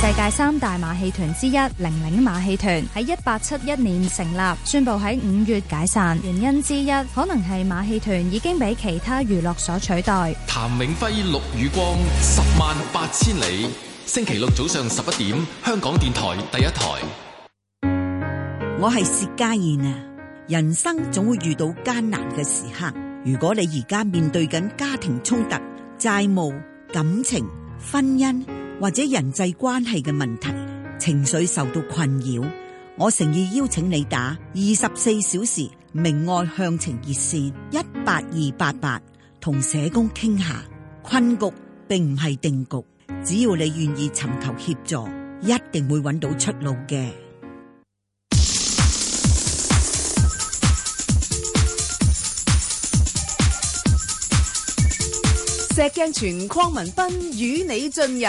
世界三大馬戲團之一，玲玲馬戲團喺一八七一年成立，宣布喺五月解散。原因之一，可能係馬戲團已經被其他娛樂所取代。譚永輝、陸雨光、十萬八千里，星期六早上十一點，香港電台第一台。我係薛家燕啊！人生總會遇到艱難嘅時刻，如果你而家面對緊家庭衝突、債務、感情、婚姻。或者人際關係嘅問題，情緒受到困擾，我誠意邀請你打二十四小時明愛向晴熱線一八二八八，同社工傾下。困局並唔係定局，只要你願意尋求協助，一定會揾到出路嘅。石鏡泉、鄺民彬與你進入。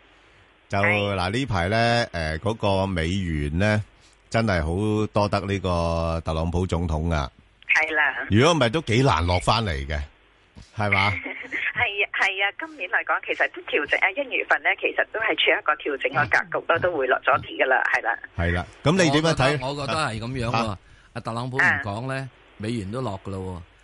就嗱呢排咧，誒嗰個美元咧，真係好多得呢個特朗普總統噶。係啦，如果唔係都幾難落翻嚟嘅，係嘛？係啊係啊，今年嚟講，其實都調整啊，一月份咧，其實都係處一個調整嘅格局，都會落咗啲噶啦，係啦。係啦，咁你點樣睇？我覺得係咁樣啊，阿特朗普唔講咧，美元都落噶咯。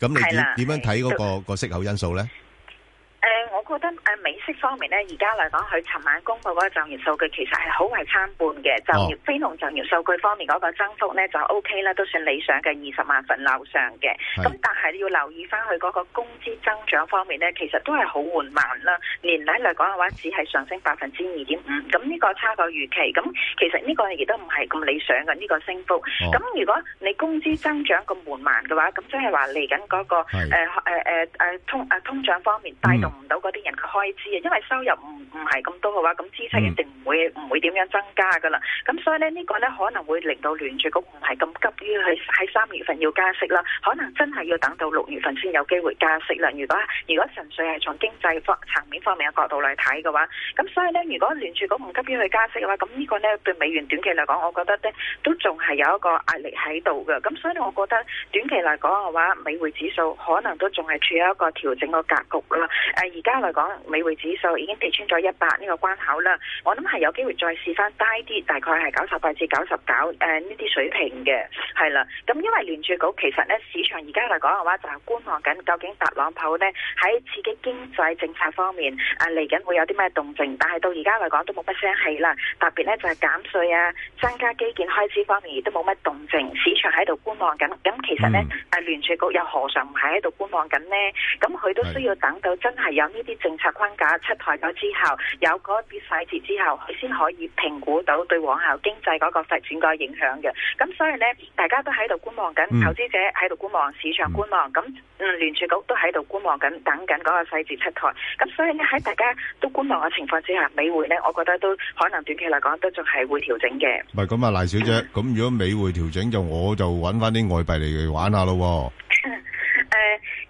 咁你點點樣睇嗰個個息口因素咧？我覺得誒美式方面咧，而家嚟講，佢尋晚公布嗰個就業數據其實係好為參半嘅，oh. 就業非農就業數據方面嗰個增幅咧就 O K 啦，都算理想嘅二十萬份樓上嘅。咁但係要留意返佢嗰個工資增長方面咧，其實都係好緩慢啦。年底嚟講嘅話，只係上升百分之二點五，咁呢個差過預期，咁其實呢個亦都唔係咁理想嘅呢、這個升幅。咁、oh. 如果你工資增長咁緩慢嘅話，咁即係話嚟緊嗰個誒誒誒通誒、啊、通脹方面帶動唔到啲人嘅開支啊，因為收入唔唔係咁多嘅話，咁支出一定唔會唔會點樣增加噶啦。咁所以咧，呢個呢可能會令到聯儲局唔係咁急於去喺三月份要加息啦。可能真係要等到六月份先有機會加息啦。如果如果純粹係從經濟方層面方面嘅角度嚟睇嘅話，咁所以呢，如果聯儲局唔急於去加息嘅話，咁呢個呢對美元短期嚟講，我覺得呢都仲係有一個壓力喺度嘅。咁所以，我覺得短期嚟講嘅話，美匯指數可能都仲係處於一個調整個格局啦。誒、呃，而家。嚟講，美匯指數已經跌穿咗一百呢個關口啦。我諗係有機會再試翻低啲，大概係九十八至九十九誒呢啲水平嘅，係啦。咁因為聯儲局其實呢市場而家嚟講嘅話，就係觀望緊究竟特朗普呢喺刺激經濟政策方面啊嚟緊會有啲咩動靜。但係到而家嚟講都冇乜聲氣啦，特別呢就係減稅啊、增加基建開支方面亦都冇乜動靜。市場喺度觀望緊，咁其實呢，誒聯儲局又何嘗唔係喺度觀望緊呢？咁佢都需要等到真係有呢啲。政策框架出台咗之後，有嗰啲細節之後，佢先可以評估到對往後經濟嗰個發展個影響嘅。咁所以呢，大家都喺度觀望緊，投資者喺度觀望，市場觀望，咁嗯，聯儲、嗯、局都喺度觀望緊，等緊嗰個細節出台。咁所以呢，喺大家都觀望嘅情況之下，美匯呢，我覺得都可能短期嚟講都仲係會調整嘅。唔係咁啊，賴小姐，咁如果美匯調整就，我就揾翻啲外幣嚟玩下咯。嗯誒、嗯，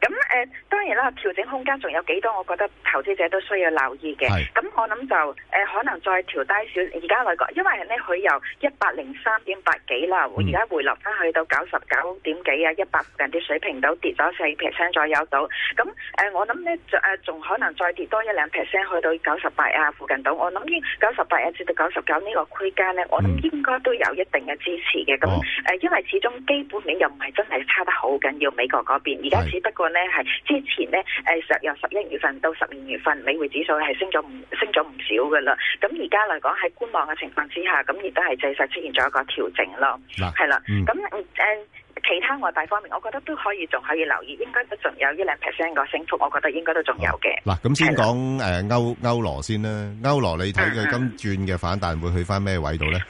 咁、嗯、誒，當然啦，調整空間仲有幾多，我覺得投資者都需要留意嘅。咁、嗯、我諗就誒、呃，可能再調低少，而家嚟講，因為咧佢由一百零三點八幾啦，而家回落翻去到九十九點幾啊，一百附近啲水平度跌咗四 percent 左右度。咁誒、嗯呃，我諗咧，誒，仲、呃、可能再跌多一兩 percent 去到九十八啊附近度。我諗九十八啊至到九十九呢個區間咧，我諗應該都有一定嘅支持嘅。咁、嗯、誒、嗯哦嗯，因為始終基本面又唔係真係差得好緊要，美國嗰邊是，只不過咧係之前咧，誒、呃，由十一月份到十二月份，美匯指數係升咗唔升咗唔少噶啦。咁而家嚟講喺觀望嘅情況之下，咁亦都係繼續出現咗一個調整咯。嗱，係啦，咁誒、嗯呃，其他外幣方面，我覺得都可以仲可以留意，應該都仲有一兩 percent 個升幅，我覺得應該都仲有嘅。嗱、啊，咁先講誒歐歐羅先啦，歐羅你睇佢今轉嘅反彈、嗯、會去翻咩位度咧？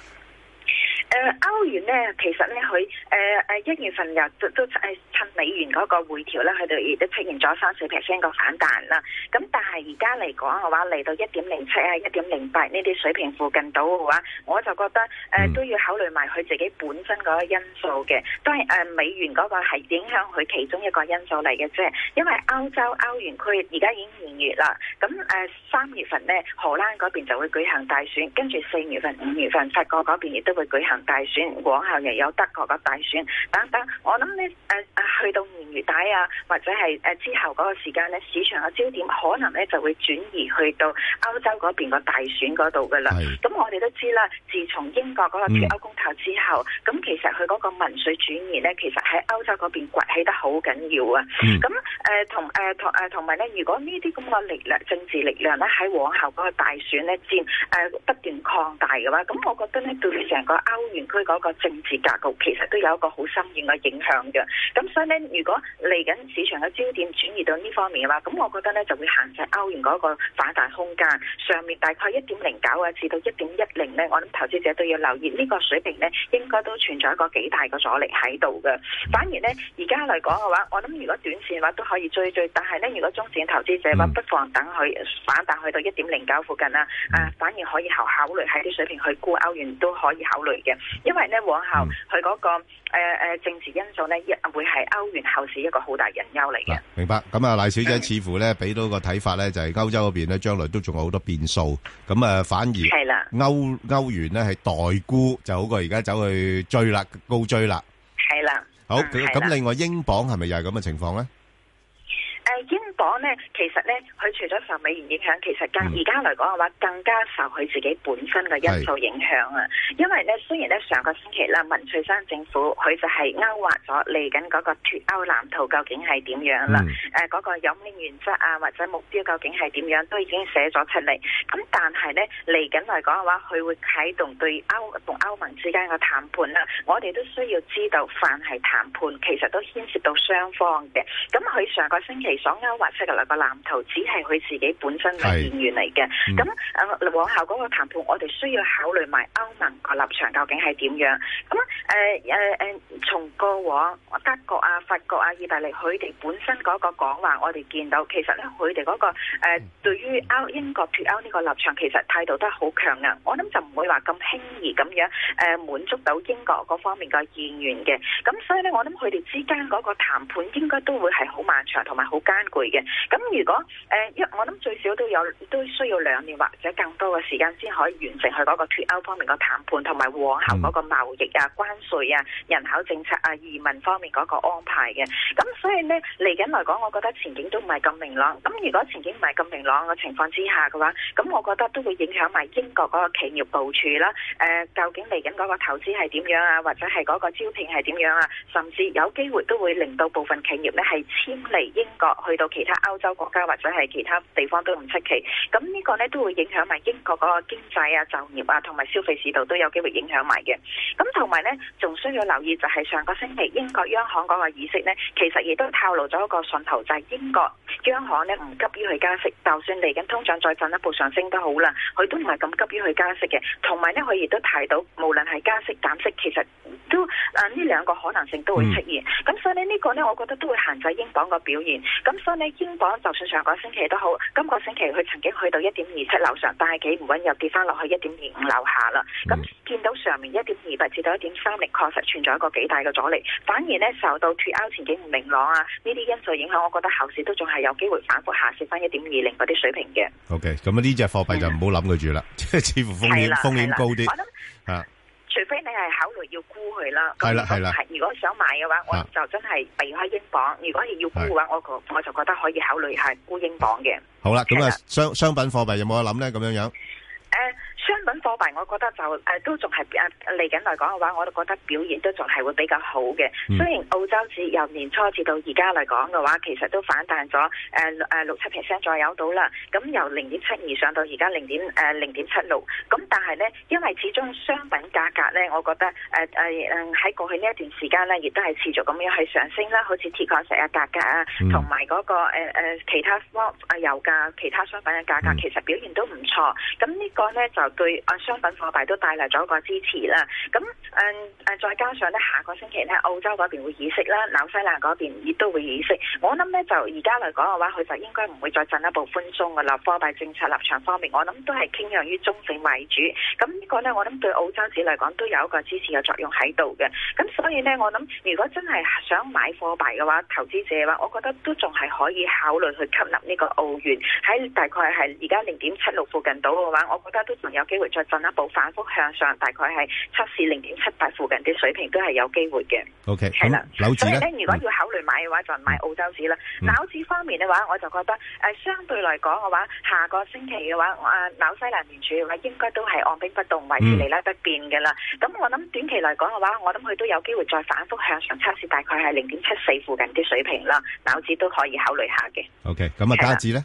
誒、呃，歐元呢，其實呢，佢、呃，誒、呃、一月份又都都趁趁美元嗰個回調呢，佢哋亦都出現咗三四 percent 個反彈啦。咁但係而家嚟講嘅話，嚟到一點零七啊，一點零八呢啲水平附近度嘅話，我就覺得誒、呃、都要考慮埋佢自己本身嗰個因素嘅。當然、呃、美元嗰個係影響佢其中一個因素嚟嘅啫。因為歐洲歐元區而家已經二月啦，咁誒三月份呢，荷蘭嗰邊就會舉行大選，跟住四月份、五月份法國嗰邊亦都會舉行。大選，往後亦有德國個大選等等。我諗咧，誒、呃、去到年月底啊，或者係誒、呃、之後嗰個時間咧，市場嘅焦點可能咧就會轉移去到歐洲嗰邊個大選嗰度噶啦。咁我哋都知啦，自從英國嗰個脫歐公投之後，咁、嗯、其實佢嗰個民粹主義咧，其實喺歐洲嗰邊崛起得好緊要啊。咁誒同誒同誒同埋咧，如果呢啲咁個力量政治力量咧喺往後嗰個大選咧佔誒不斷擴大嘅話，咁我覺得咧對成個歐歐元區嗰個政治格局其實都有一個好深遠嘅影響嘅，咁所以呢，如果嚟緊市場嘅焦點轉移到呢方面嘅話，咁我覺得呢就會限制歐元嗰個反彈空間。上面大概一點零九啊，至到一點一零呢，我諗投資者都要留意呢個水平呢應該都存在一個幾大嘅阻力喺度嘅。反而呢，而家嚟講嘅話，我諗如果短線嘅話都可以追追，但係呢，如果中線投資者話，不妨等佢反彈去到一點零九附近啦，啊，反而可以考考慮喺啲水平去沽歐元都可以考慮嘅。因為咧往後佢嗰個誒誒政治因素咧，一會係歐元後市一個好大隱憂嚟嘅。明白，咁啊，賴小姐似乎咧俾到個睇法咧，就係歐洲嗰邊咧，將來都仲有好多變數。咁啊，反而歐歐元咧係待沽，就好過而家走去追啦，高追啦。係啦。好，咁另外英鎊係咪又係咁嘅情況咧？誒，英鎊咧，其實咧，佢除咗受美元影響，其實而家嚟講嘅話，更加受佢自己本身嘅因素影響啊。因為咧，雖然咧上個星期啦，文翠山政府佢就係勾畫咗嚟緊嗰個脫歐藍圖究竟係點樣啦，嗰、嗯啊嗰個有咩原則啊，或者目標究竟係點樣，都已經寫咗出嚟。咁但係咧嚟緊嚟講嘅話，佢會啟動對歐同歐盟之間嘅談判啦。我哋都需要知道，凡係談判，其實都牽涉到雙方嘅。咁佢上個星期所勾畫出嚟個藍圖，只係佢自己本身嘅意願嚟嘅。咁誒，往後嗰個談判，我哋需要考慮埋歐盟個立場究竟係點樣。咁誒誒從過往德國啊、法國啊、意大利，佢哋本身嗰個講話，我哋見到其實咧，佢哋嗰個、呃、對於英國脱歐呢個立場，其實態度都係好強硬。我諗就唔會話咁輕易咁樣、呃、滿足到英國嗰方面個意願嘅。咁所以咧，我諗佢哋之間嗰個談判應該都會係好漫長同埋好。嘅、嗯，咁如果誒一，我諗最少都有都需要兩年或者更多嘅時間先可以完成佢嗰個脱歐方面嘅談判，同埋往後嗰個貿易啊、關稅啊、人口政策啊、移民方面嗰個安排嘅。咁所以呢，嚟緊來講，我覺得前景都唔係咁明朗。咁如果前景唔係咁明朗嘅情況之下嘅話，咁我覺得都會影響埋英國嗰個企業部署啦。究竟嚟緊嗰個投資係點樣啊？或者係嗰個招聘係點樣啊？甚至有機會都會令到部分企業呢係遷離英國、英國，去到其他歐洲國家或者係其他地方都唔出奇，咁呢個呢都會影響埋英國嗰個經濟啊、就業啊同埋消費市道都有機會影響埋嘅。咁同埋呢，仲需要留意就係上個星期英國央行嗰個議息呢，其實亦都透露咗一個信號，就係、是、英國央行呢唔急於去加息，就算嚟緊通脹再進一步上升好都好啦，佢都唔係咁急於去加息嘅。同埋呢，佢亦都提到無論係加息減息，其實都啊呢兩個可能性都會出現。咁、嗯、所以呢，呢、這個呢，我覺得都會限制英鎊個表現。咁所以呢，英鎊就算上個星期都好，今個星期佢曾經去到一點二七樓上，但係幾唔穩又跌翻落去一點二五樓下啦。咁、嗯、見到上面一點二八至到一點三零，確實存在一個幾大嘅阻力。反而呢，受到脫歐前景唔明朗啊，呢啲因素影響，我覺得後市都仲係有機會反覆下跌翻一點二零嗰啲水平嘅。O K。咁呢隻貨幣就唔好諗佢住啦，即、嗯、係 似乎風險風險高啲除非你係考慮要沽佢啦，啦，係如果想買嘅話的，我就真係避開英鎊。如果你要沽嘅話，我我就覺得可以考慮係沽英鎊嘅。好啦，咁啊，商商品貨幣有冇得諗咧？咁樣樣。我覺得就誒、呃、都仲係嚟緊來講嘅話，我都覺得表現都仲係會比較好嘅。雖然澳洲紙由年初至到而家嚟講嘅話，其實都反彈咗誒誒六七 percent 左右到啦。咁由零點七二上到而家零點誒零點七六。咁但係咧，因為始終商品價格咧，我覺得誒誒誒喺過去呢一段時間咧，亦都係持續咁樣去上升啦。好似鐵礦石嘅價格，格啊，同埋嗰個誒、呃、其他貨油價、其他商品嘅價格、嗯，其實表現都唔錯。咁呢個咧就對誒商商品貨幣都帶嚟咗一個支持啦，咁誒誒，再加上咧，下個星期咧，澳洲嗰邊會議息啦，紐西蘭嗰邊亦都會議息。我諗咧，就而家嚟講嘅話，佢就應該唔會再進一步寬鬆㗎啦。貨幣政策立場方面，我諗都係傾向於中性為主。咁呢個咧，我諗對澳洲市嚟講，都有一個支持嘅作用喺度嘅。咁所以咧，我諗如果真係想買貨幣嘅話，投資者嘅話，我覺得都仲係可以考慮去吸納呢個澳元，喺大概係而家零點七六附近到嘅話，我覺得都仲有機會再進一步反覆向上，大概係測試零點七八附近啲水平都係有機會嘅。O K，好啦，紐紙咧，所以咧，如果要考慮買嘅話，嗯，就買澳洲紙啦。紐、嗯、紙方面嘅話，我就覺得誒、呃，相對嚟講嘅話，下個星期嘅話，啊紐西蘭聯儲嘅應該都係按兵不動，維持利率不變嘅啦。咁、嗯、我諗短期嚟講嘅話，我諗佢都有機會再反覆向上測試，大概係零點七四附近啲水平啦。紐紙都可以考慮下嘅。O K，咁啊，加紙咧。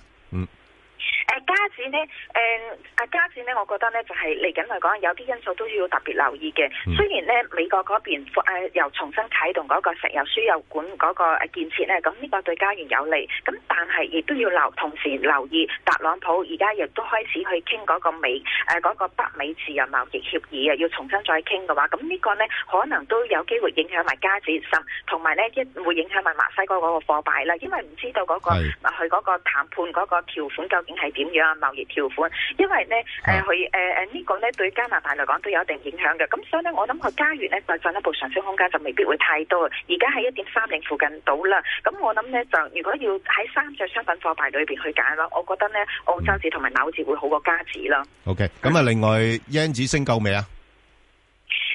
誒、啊、加紙呢，誒、嗯、啊加紙咧，我覺得呢就係嚟緊嚟講有啲因素都要特別留意嘅。雖然呢美國嗰邊又重新啟動嗰個石油輸油管嗰個建設呢，咁、這、呢個對加元有利。咁但係亦都要留，同時留意特朗普而家亦都開始去傾嗰個美誒嗰、呃那個、北美自由貿易協議啊，要重新再傾嘅話，咁呢個呢可能都有機會影響埋加紙滲，同埋呢一會影響埋墨西哥嗰個貨幣啦，因為唔知道嗰、那個佢嗰個談判嗰、那個條款究竟。係點樣啊？貿易條款，因為咧，誒、啊，去、呃，誒，誒、呃，這個、呢個咧對加拿大嚟講都有一定影響嘅。咁所以咧，我諗佢加元咧再進一步上升空間就未必會太多。而家喺一點三零附近到啦。咁我諗咧，就如果要喺三隻商品貨幣裏邊去揀啦，我覺得咧澳洲紙同埋紐紙會好過加紙啦。O K. 咁啊，另外英紙升夠未啊？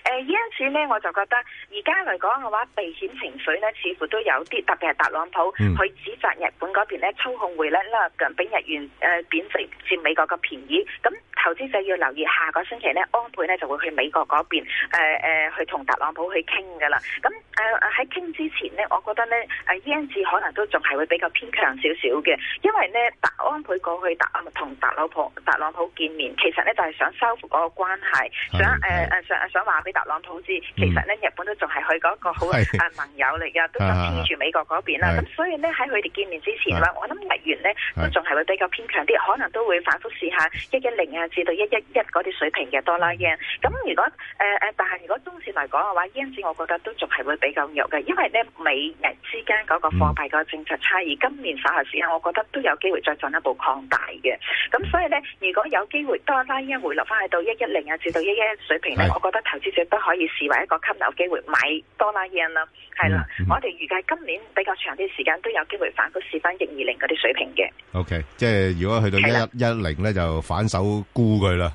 誒呢一次咧，我就覺得而家嚟講嘅話，避險情緒咧，似乎都有啲，特別係特朗普去指責日本嗰邊咧操控匯率啦，俾日元誒貶值佔美國嘅便宜。咁投資者要留意，下個星期咧，安倍咧就會去美國嗰邊誒、呃、去同特朗普去傾㗎啦。咁誒喺傾之前咧，我覺得咧誒呢一次可能都仲係會比較偏強少少嘅，因為咧，安安倍過去同特朗普特朗普見面，其實咧就係想修復嗰個關係，想誒誒、呃、想、呃、想話俾。呃特朗普至其實咧，日本都仲係佢嗰個好啊盟友嚟噶，都黐住美國嗰邊啦。咁所以咧喺佢哋見面之前咧，我諗日元咧都仲係會比較偏強啲，可能都會反覆試下一一零啊至到一一一嗰啲水平嘅多啦鈞。咁如果誒、呃、但係如果中線嚟講嘅話，因子我覺得都仲係會比較弱嘅，因為咧美日之間嗰個貨幣個政策差異、嗯，今年稍後時間我覺得都有機會再進一步擴大嘅。咁所以咧，如果有機會多啦鈞回落翻去到一一零啊至到一一一水平咧，我覺得投資者都可以視為一個吸納機會，買多啦 yen 啦，係啦。我哋預計今年比較長啲時間都有機會反覆試翻一二零嗰啲水平嘅。O K，即係如果去到一一一零咧，就反手沽佢啦。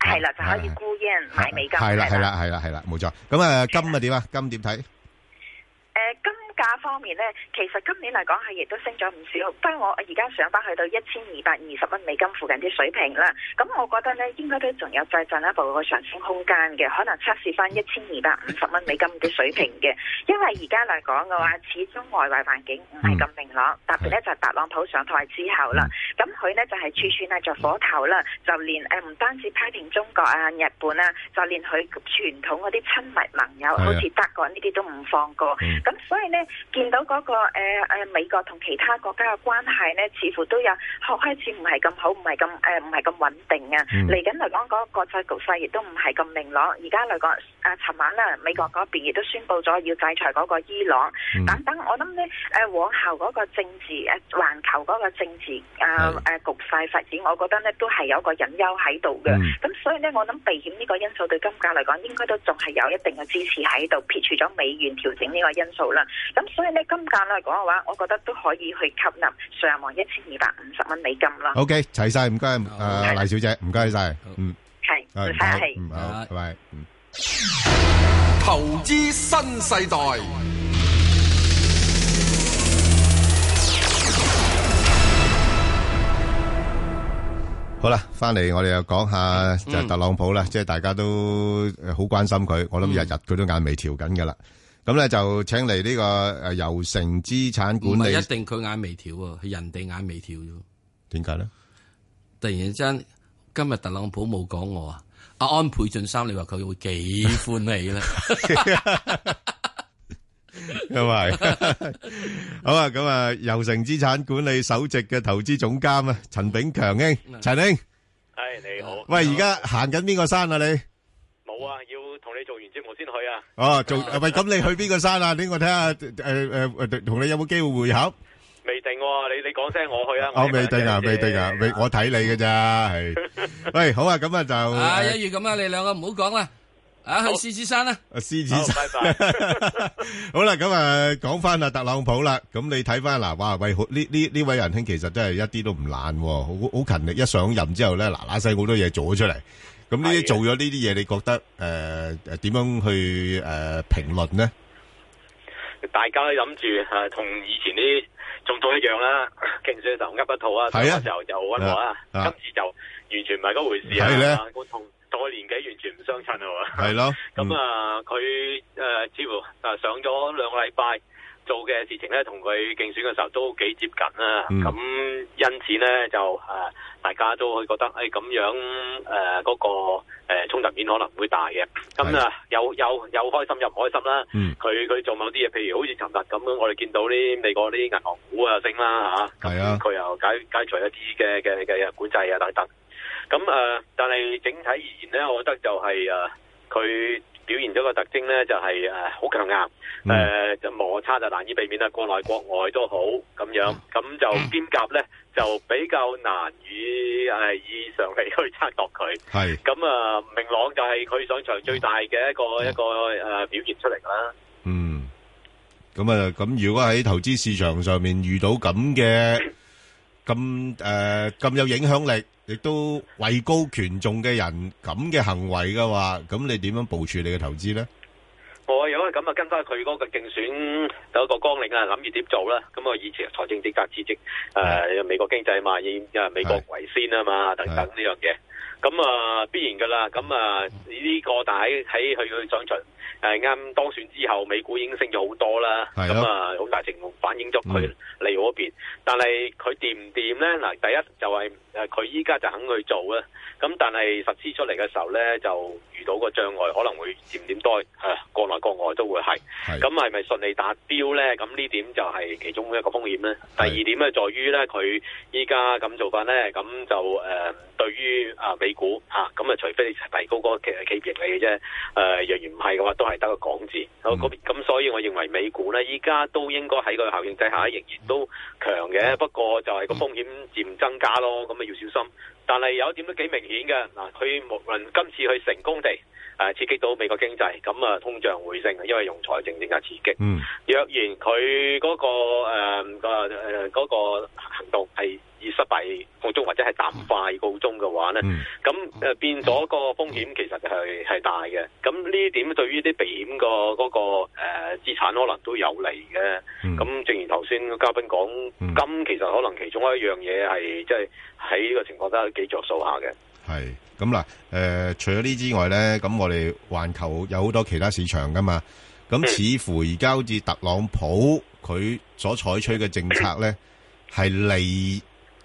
係啦，就可以沽 yen 買美金。係啦，係啦，係啦，係啦，冇錯。咁啊，金啊點啊？金點睇？誒金。價方面呢，其實今年嚟講係亦都升咗唔少，不過我而家上返去到一千二百二十蚊美金附近啲水平啦。咁我覺得呢，應該都仲有再進一步嘅上升空間嘅，可能測試翻一千二百五十蚊美金嘅水平嘅。因為而家嚟講嘅話，始終外圍環境唔係咁明朗，嗯、特別呢，就特、是、朗普上台之後啦，咁、嗯、佢呢，就係、是、處處係著著火頭啦，就連誒唔、呃、單止批評中國啊、日本啊，就連佢傳統嗰啲親密盟友，啊、好似德國呢啲都唔放過。咁、嗯、所以呢。見到嗰、那個誒誒、呃、美國同其他國家嘅關係咧，似乎都有學開始唔係咁好，唔係咁誒唔係咁穩定啊。嚟緊嚟講，嗰個國際局勢亦都唔係咁明朗，而家嚟講。啊！尋晚啦，美國嗰邊亦都宣布咗要制裁嗰個伊朗。等、嗯、等，但我諗咧，誒，往後嗰個政治誒，環球嗰個政治誒誒、啊、局勢發展，我覺得咧都係有個隱憂喺度嘅。咁、嗯、所以咧，我諗避險呢個因素對金價嚟講，應該都仲係有一定嘅支持喺度，撇除咗美元調整呢個因素啦。咁所以咧，金價嚟講嘅話，我覺得都可以去吸納上望一千二百五十蚊美金啦。O K，齊晒，唔該，誒，賴、呃、小姐，唔該晒，嗯，係，係，係，拜拜，拜拜拜拜投資新世代，好啦，翻嚟我哋又講下就係特朗普啦、嗯，即係大家都好關心佢，我諗日日佢都眼眉調緊噶啦。咁、嗯、咧就請嚟呢個誒，油城資產管理唔係一定佢眼眉調喎，係人哋眼眉調啫。點解咧？突然之間今日特朗普冇講我啊！阿安倍晉三，你話佢會幾歡喜咧？因為好啊，咁啊，友成資產管理首席嘅投資總監啊，陳炳強兄，陳兄，係你好。喂，而家行緊邊個山啊？你冇啊，要同你做完節目先去啊。哦，做喂，咁你去邊個山啊？呢個睇下，誒誒，同你有冇機會會合？未定，你你講聲我去啊！我未定啊，未定啊，我睇你嘅咋？係，喂，好啊，咁啊就啊，一如咁啊，你兩個唔好講啦，啊去獅子山啦，獅子山，好啦，咁啊講翻啊特朗普啦，咁你睇翻嗱，哇，喂，好，呢呢呢位仁兄其實真係一啲都唔懶，好好勤力，一上任之後咧，嗱嗱細好多嘢做咗出嚟，咁呢啲做咗呢啲嘢，你覺得誒點樣去誒評論呢？大家都諗住啊，同以前啲。仲都一樣啦，勁衰嘅時候噏一套啊，得意時候就溫和啊，啊。今次就完全唔係嗰回事啊，啊！我同同佢年紀完全唔相襯啊！係 咯，咁、嗯、啊，佢誒、呃、似乎誒上咗兩個禮拜。做嘅事情咧，同佢競選嘅時候都幾接近啦、啊。咁、嗯、因此咧，就誒、呃、大家都會覺得誒咁、哎、樣誒嗰、呃那個誒、呃、衝突面可能會大嘅。咁、嗯嗯、啊，有有有開心又唔開心啦、啊。佢、嗯、佢做某啲嘢，譬如好似尋日咁，我哋見到啲美國啲銀行股啊升啦嚇。咁、啊、佢、啊嗯啊、又解解除一啲嘅嘅嘅管制啊等等。咁誒、呃，但係整體而言咧，我覺得就係誒佢。啊表現咗個特徵咧，就係誒好強硬，誒就摩擦就難以避免啦。國內國外都好咁樣，咁就兼夾咧就比較難以誒以常理去測度佢。係咁啊，明朗就係佢上場最大嘅一個一個誒表現出嚟啦。嗯，咁啊，咁如果喺投資市場上面遇到咁嘅。咁誒，咁、呃、有影響力，亦都位高權重嘅人，咁嘅行為嘅話，咁你點樣部署你嘅投資咧？我如果咁啊，跟返佢嗰個競選有一個綱領啊，諗住點做啦？咁啊，以前財政政策職、刺激誒，美國經濟嘛，以誒美國為先啊嘛，等等呢樣嘢，咁啊、呃、必然㗎喇，咁啊呢個但喺喺佢佢上場。誒、嗯、啱當選之後，美股已經升咗好多啦，咁啊好大程度反映咗佢嚟嗰邊。但係佢掂唔掂咧？嗱，第一就係佢依家就肯去做啦，咁但係實施出嚟嘅時候咧，就遇到個障礙，可能會漸漸多嚇、啊，國內國外都會係。咁係咪順利達標咧？咁呢點就係其中一個風險啦。第二點係在於咧，佢依家咁做法咧，咁就誒、呃、對於啊、呃、美股咁啊，就除非你提高個個企企業盈利嘅啫，誒、呃、若然唔係嘅話。都係得個港字，好邊咁，所以我認為美股咧，依家都應該喺個效應底下，仍然都強嘅。不過就係個風險漸增加咯，咁啊要小心。但係有一點都幾明顯嘅，嗱，佢無論今次去成功地誒、呃、刺激到美國經濟，咁啊通脹回升，因為用財政點解刺激，嗯，若然佢嗰、嗰個誒個誒個行動係，以失敗告終或者係淡化告終嘅話，咧、嗯，咁誒、呃、變咗個風險其實係係、嗯、大嘅。咁呢點對於啲避險、那個嗰個誒資產可能都有利嘅。咁、嗯、正如頭先嘉賓講金其實可能其中一樣嘢係即係喺呢個情況都幾著數下嘅。係咁啦，誒、嗯、除咗呢之外咧，咁我哋環球有好多其他市場噶嘛。咁似乎而家好似特朗普佢所採取嘅政策咧，係、嗯、利。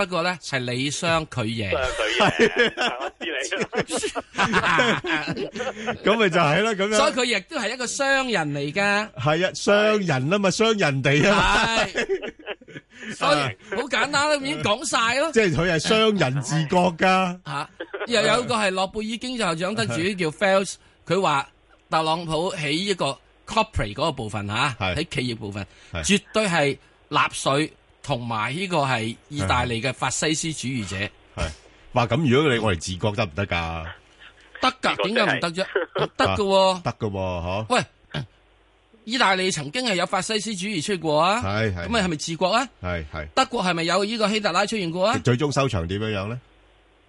不過咧，係你商，佢贏，佢贏，我知你。咁咪就係啦，咁樣。所以佢亦都係一個商人嚟噶。係啊，商人啊嘛，商人哋啊。係，所以好簡單咯，已經講晒咯。即係佢係商人自覺噶。吓，又有個係諾貝爾經濟學獎得主叫 Fells，佢話特朗普起一個 corporate 嗰個部分吓，喺企業部分絕對係納稅。同埋呢個係意大利嘅法西斯主義者，係話咁。如果你我哋治國得唔得㗎，得㗎，點解唔得啫？得嘅，得嘅，嗬。喂，意大利曾經係有法西斯主義出過啊，係係。咁咪係咪治國啊？係係。德國係咪有呢個希特拉出現過啊？最終收場點樣樣咧？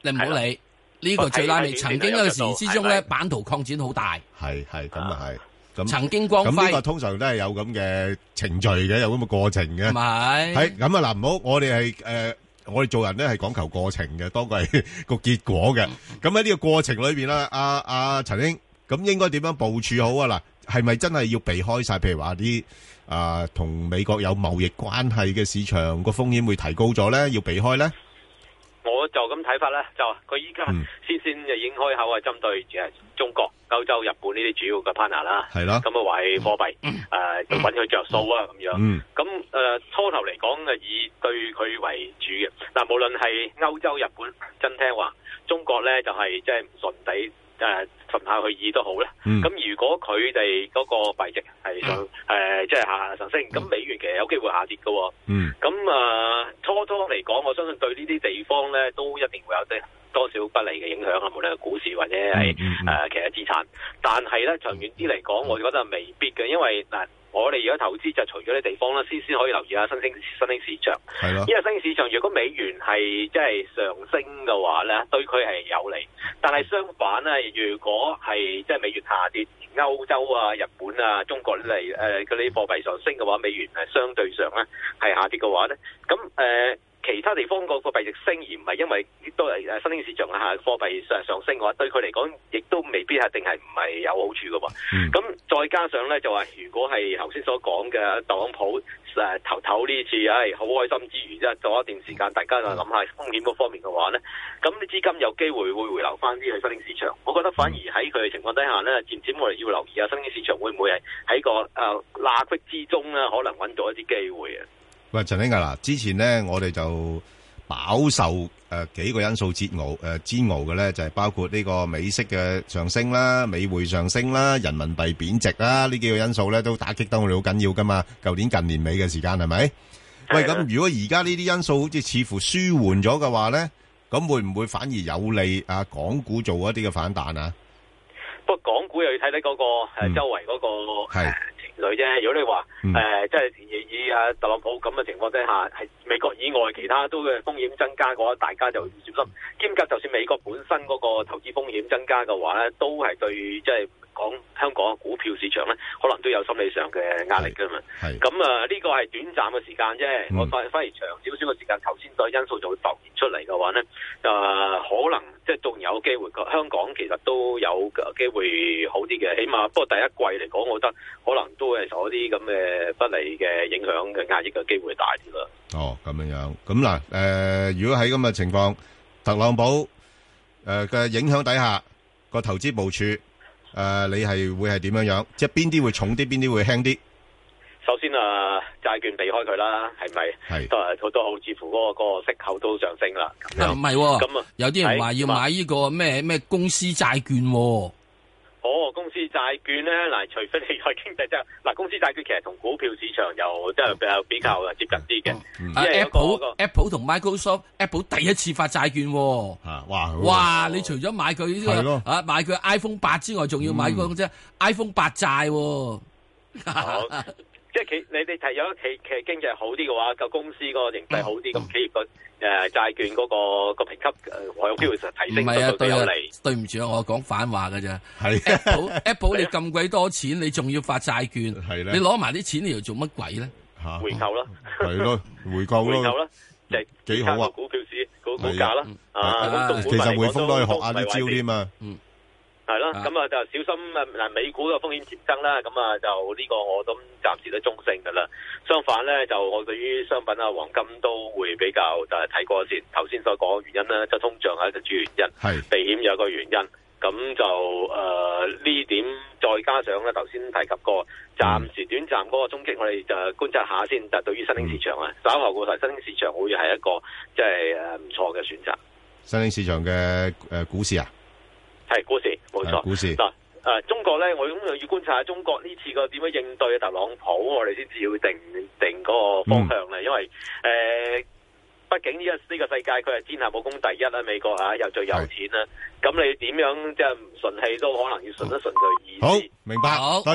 你唔好理呢個最拉尾曾經陣時之中咧，版圖擴展好大。係係咁啊係。曾經光輝，咁呢個通常都係有咁嘅程序嘅，有咁嘅過程嘅，係咁啊！嗱，唔好，我哋係誒，我哋做人咧係講求過程嘅，多過係個結果嘅。咁喺呢個過程裏邊啦，阿阿陳英，咁應該點樣部署好啊？嗱，係咪真係要避開晒？譬如話啲啊，同美國有貿易關係嘅市場，個風險會提高咗咧，要避開咧？我就咁睇法咧，就佢依家先先就已經開口係針對，而係中國。歐洲、日本呢啲主要嘅 partner 啦，係啦咁啊為貨幣誒揾佢着數啊咁樣。咁、嗯、誒、呃、初頭嚟講係以對佢為主嘅，但、呃、無論係歐洲、日本真聽話，中國咧就係即係唔順底誒純下去意都好啦。咁、嗯、如果佢哋嗰個幣值係上即係下下上升，咁、嗯、美元其實有機會下跌喎。咁、嗯、啊、呃、初初嚟講，我相信對呢啲地方咧都一定會有啲。多少不利嘅影響啊！無論係股市或者係誒、嗯嗯嗯呃、其他資產，但係咧長遠啲嚟講，我覺得係未必嘅，因為嗱，我哋如果投資就除咗啲地方啦，先先可以留意下新興市新興市場。係咯，因為新興市場，如果美元係即係上升嘅話咧，對佢係有利，但係相反咧，如果係即係美元下跌，歐洲啊、日本啊、中國呢啲誒嗰啲貨幣上升嘅話，美元係相對上咧係下跌嘅話咧，咁誒。呃其他地方個個幣值升，而唔係因為都係誒新興市場下貨幣上上升嘅話，對佢嚟講，亦都未必係一定係唔係有好處嘅喎。咁、嗯、再加上咧，就話如果係、啊、頭先所講嘅特朗普誒頭頭呢次，係、哎、好開心之餘，即係做一段時間，嗯、大家就諗下風險嗰方面嘅話咧，咁啲資金有機會會回流翻啲去新興市場。我覺得反而喺佢嘅情況底下咧，漸漸我哋要留意下新興市場會唔會係喺個誒罅隙之中咧，可能搵到一啲機會啊！喂，陳先生啦，之前咧我哋就飽受誒、呃、幾個因素煎熬誒煎熬嘅咧，就係、是、包括呢個美息嘅上升啦、美匯上升啦、人民幣貶值啦，呢幾個因素咧都打擊得我哋好緊要噶嘛。舊年近年尾嘅時間係咪？喂，咁如果而家呢啲因素好似似乎舒緩咗嘅話咧，咁會唔會反而有利啊港股做一啲嘅反彈啊？不過，港股又要睇睇嗰個、嗯、周圍嗰、那個係。佢啫，如果你話誒、呃，即係以阿特朗普咁嘅情況底下，係美國以外其他都嘅風險增加嘅話，大家就唔小心。兼夾就算美國本身嗰個投資風險增加嘅話咧，都係對即係。講香港股票市場咧，可能都有心理上嘅壓力噶嘛。係咁啊，呢、這個係短暫嘅時間啫、嗯。我反反而長少少嘅時間，頭先個因素就會浮現出嚟嘅話咧，啊，可能即係仲有機會嘅。香港其實都有機會好啲嘅，起碼，不過第一季嚟講，我覺得可能都係受一啲咁嘅不利嘅影響嘅壓抑嘅機會大啲咯。哦，咁樣樣咁嗱，誒、呃，如果喺咁嘅情況，特朗普誒嘅、呃、影響底下個投資部署。誒、呃，你係會係點樣樣？即係邊啲會重啲，邊啲會輕啲？首先啊，債券避開佢啦，係咪？係都係好多好，似乎嗰、嗰個、嗰個息口都上升啦。啊，唔係，咁、哦、啊，有啲人話要買呢個咩咩公司債券、啊。哦，公司債券咧，嗱，除非你個經濟即係，嗱、呃，公司債券其實同股票市場又即係比較接近啲嘅。Apple，Apple、嗯嗯嗰個、同、嗰個、Apple Microsoft，Apple 第一次發債券喎、哦啊。哇好好！哇！你除咗買佢，呢、哦、啊、啊買佢 iPhone 八之外，仲要買個啫、嗯、iPhone 八債、哦。 即係佢，你哋提咗其其實經濟好啲嘅話，個公司個形勢好啲，咁企業個誒債券嗰個個評級誒，我有機會實提升唔係啊？對啊，對唔住啊，我講反話噶咋？係 Apple Apple 你咁鬼多錢，你仲要發債券？係啦，你攞埋啲錢，你又做乜鬼咧？吓回購啦，係咯，回購咯，回購啦，即係幾好個股票市嗰個價啦。啊，其實匯豐都學下啲招添啊。嗯。係啦，咁啊就小心啊，嗱，美股嘅風險漸增啦，咁啊就呢個我都暫時都中性噶啦。相反咧，就我對於商品啊、黃金都會比較就係睇過先。頭先所講原因啦，就通脹係一個主要原因，係避險有一個原因。咁就誒呢、呃、點再加上咧，頭先提及過、嗯，暫時短暫嗰個衝擊，我哋就觀察下先。就對於新興市場啊、嗯，稍後個頭，新興市場會係一個即係誒唔錯嘅選擇。新興市場嘅誒、呃、股市啊？係故事，冇錯，嗱，誒、呃，中國咧，我咁又要觀察下中國呢次個點樣應對特朗普，我哋先至要定定嗰個方向咧、嗯。因為誒，畢、呃、竟呢個呢個世界佢係天下武功第一啦、啊，美國吓、啊、又最有錢啦、啊，咁你點樣即係唔順氣都可能要順一順佢意思。好，明白。好